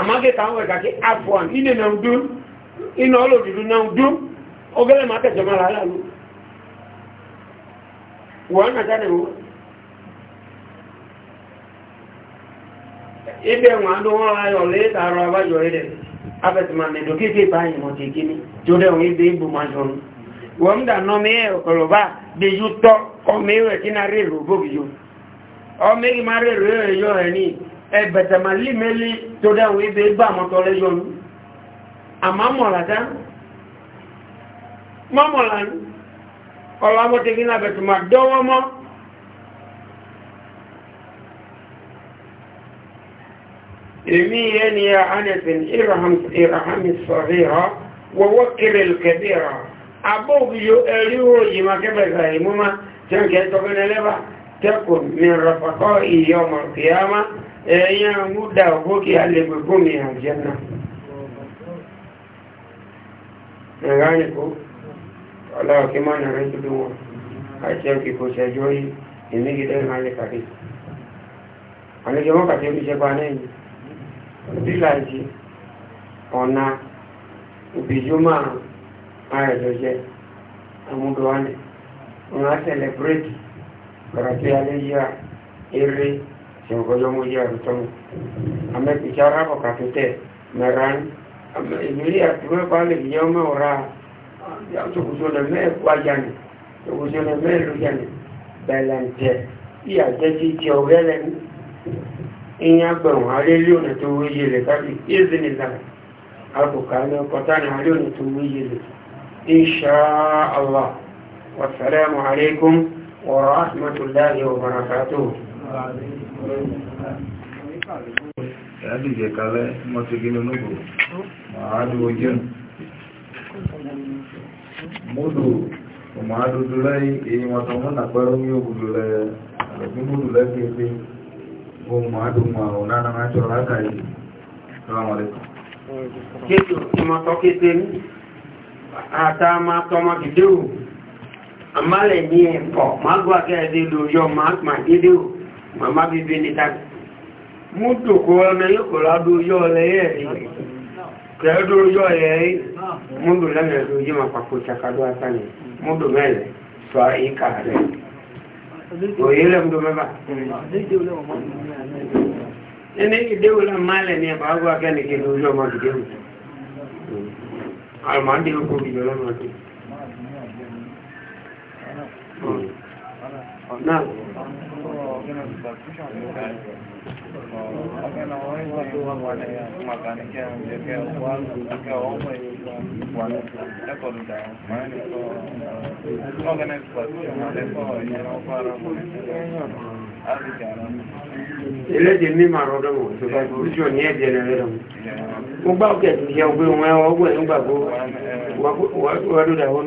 àmágẹ́ta àwọn ẹ̀kàkí afuan ilé náà dún iná na náà dún ogẹ́lẹ̀ máa tẹ̀sọ̀ máa láàrù wọ́n náà jáde wọ́n ibẹ̀ wọn ló wọ́n ayọ̀ lé tààrọ abájọ ilẹ̀ afẹ́tìmọ̀ jọ ọmọ yìí máa rèrè ẹ̀yọ ẹ̀ ní ẹ̀bẹ̀tẹ̀málì mẹ́lí tó dáhùn ibi bá àmọ́tọ́ lẹ́yọ ní àmọ́ mọ̀làdá mọ́mọ̀lá ní ọlọ́mọ́tẹ́gí náà bẹ̀tẹ̀má dọ́wọ́ mọ́ èmi yẹn ni a anẹ́sìn ìràhàmì sọ̀rìhà wọ́wọ́ kiri kẹbíra abóògì tẹ́kùn mi rọ̀fọ̀kọ́ ìyẹ́ ọmọ ìyáma ẹ̀yẹ múdà ògbókè alẹ́gbẹ̀ gómi àjẹ́nà ìránìkó ọlọ́ọ̀kí má nà rẹ̀ dúdú wọn àti ẹ̀kì kò ṣẹjọ́ yìí ìmígidẹ́ ìrànlẹ̀ kàdé àlejò wọn kàdé bí ṣe pa lẹ́yìn bíláàjì ọ̀nà òbíjú máa àìdọ̀jẹ́ àmúdọ̀wánì wọn á tẹ̀lẹ̀ bírèkì baraki aleya iri sinkojo moji arutomu ame kichara ko katute meran ibili atuwe pale kijome ora tukusole me kwajani tukusole me lujani belente iya jeji ti ogele ni inya gbẹ̀rún aléliò ní tó wéye lè kábi ìzìnì lára akùkà ní ọkọ̀tà ní aléliò ní tó wéye lè inṣáàlá wàsàlẹ́mù aléikún ورحمة الله وبركاته Ẹ̀dì ìjẹ̀kalẹ́ mọ́ ti gínú lóògbò, màádù ojú. Múdù, màádù dúlẹ́ èyí wọn tọ́mọ́ nà pẹ́rọ ní ògùdù lẹ àrẹ̀bí múdù lẹ́bí ẹgbẹ́ ohun màádù màrùn náà náà jọ lákàáyì. Ṣọ́wọ́n amale bi ẹ̀pọ̀ máa gbà kẹ́ẹ̀dẹ́ lójọ máa dédé o màmá bí bí ní tàbí mú tòkó ọmọ yóò lọ́dọ́jọ́ lẹ́yẹ̀ rí kẹ́ẹ̀dọ́jọ́ lẹ́yẹ̀ múdù lẹ́nà lójú ma pàpò ṣàkàdọ́ àtàlẹ̀ múdù mẹ́lẹ̀ sọ ìkà rẹ̀ òye lẹ́mdọ́ mẹ́bà ẹni ìdéwò lọ máàlẹ̀ ní ẹ̀bà ágbà kẹ́ẹ̀dẹ́ lójọ máa dìde نعم eléde mímọ àrọdọ mọ ìṣòro ìṣòro ní ẹdí ẹlẹrẹ lọ mo gbá òkè tó yẹ ọgbẹ wọn ẹwọ ọgbẹ nígbàgbọ wàdúrà wọn.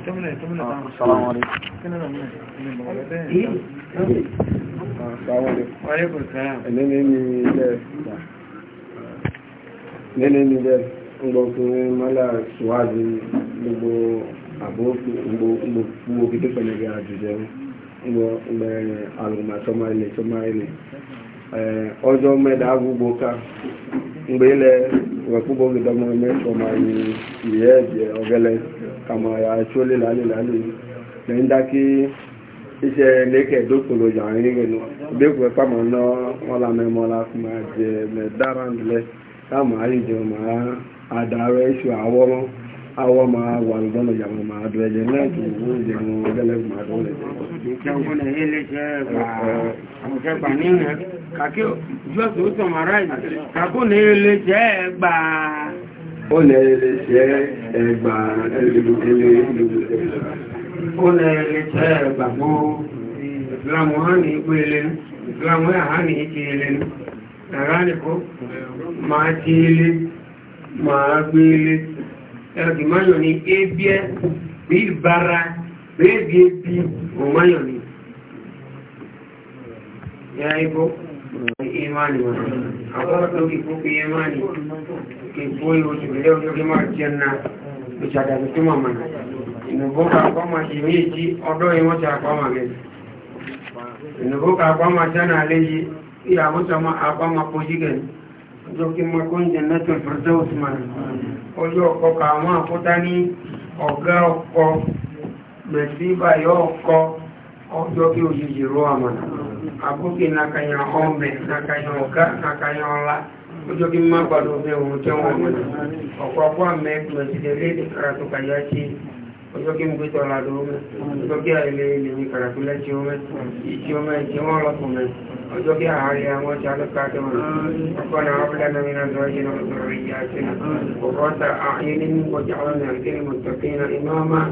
السلام عليكم وعليكم السلام lẹ́lẹ́ ní bẹ́ ọgbọ̀kùnrin mọ́lá ṣùwádìí gbogbo àbúgbò gbogbo kété pẹ̀lú àjùjẹ́ gbogbo alùmọ̀tọ́mọ́ ilẹ̀ tọ́mọ́ ilẹ̀ Eh, ọjọ́ mẹ́ta agbúgbò ka, mgbe ilẹ̀ wẹ̀kúgbò gidọmọ mẹ́tọ̀ ma yí ìyẹ́ ẹ̀jẹ̀ ọ̀gẹ́lẹ̀ kàmọ̀ ya tó lè lálẹ́ lálẹ́ lẹ́ ń dákí iṣẹ́ lẹ́kẹ̀ dókòlò yàrin rẹ̀ nù bẹ́ẹ̀kù ẹ̀pá mọ̀ ná wọn la la kò máa jẹ mẹ́ dára nílẹ̀ jẹun máa awa ma walidana ya ma adreje na ki wo je mo gele ma do le je ka wo na hele je ba am je ba ni na ka ki jo so to ma rai ka ko ne hele je ba o ne hele je e ba ele ẹ̀rọ̀dìmáyọ̀ ni ebíẹ́ bí ìbára bí ebi ebi òmáyọ̀ ni ya ibo imani wọn àwọn tó kí fún fi imani kí fún ìwò ṣùgbẹ́lẹ́ olórí máa jẹ́ na ìṣàdàbí tó mọ̀ mọ̀ ìnùbó ka kọ́ máa ṣe ní èjì ọdọ́ ìwọ́n ti àpá máa gẹ̀ ìnùbó ka kọ́ máa jẹ́ na lẹ́yìn ìyàwó sọmọ àpá máa pojú gẹ̀ ni jọkí mọ́kún jẹ́nẹ́tò fẹ́rẹ́ osman ojú ọkọ̀ ka àwọn àkúta ní ọ̀gá ọkọ̀ mẹ̀síbà yóò kọ́ ọjọ́ kí òjijì rọ àmàlà àkókè nàkàyà ọmọ nàkàyà ọ̀gá nàkàyà ọlá ojú kí má gbàdọ̀ bẹ òun tẹ́ wọn àmàlà ọ̀pọ̀ àpọ̀ àmẹ́ mẹ̀sídẹ̀lẹ́ èdè karatu kàyà ṣe ojú kí n gbé tọ́lá lóhùn ojú kí àìlè ilé ní karatu lẹ́tí ọmọ ìtí ọmọ ìtí wọn lọ́kùnrin وارزق اهلها واجعل خاتمها ربنا هب لنا من ازواجنا وذرياتنا قرة اعين واجعلنا للمتقين اماما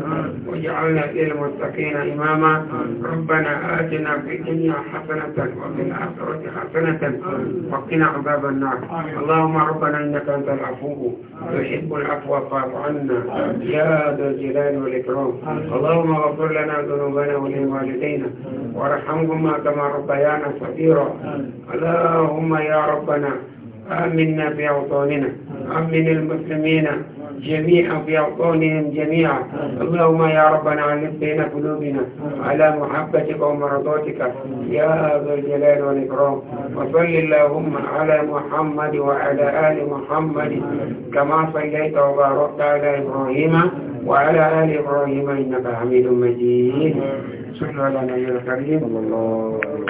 واجعلنا للمتقين اماما ربنا اتنا في الدنيا حسنة وفي الاخرة حسنة وقنا عذاب النار اللهم ربنا انك انت العفو تحب العفو فاعف عنا يا ذا الجلال والاكرام اللهم اغفر لنا ذنوبنا ولوالدينا وارحمهما كما ربيانا صغيرا كثيرا اللهم يا ربنا آمنا في أوطاننا أمن المسلمين جميعا في أوطانهم جميعا اللهم يا ربنا علم بين قلوبنا على محبتك ومرضاتك يا ذا الجلال والإكرام وصل اللهم على محمد وعلى آل محمد كما صليت وباركت على إبراهيم وعلى آل إبراهيم إنك حميد مجيد صلى على النبي الكريم الله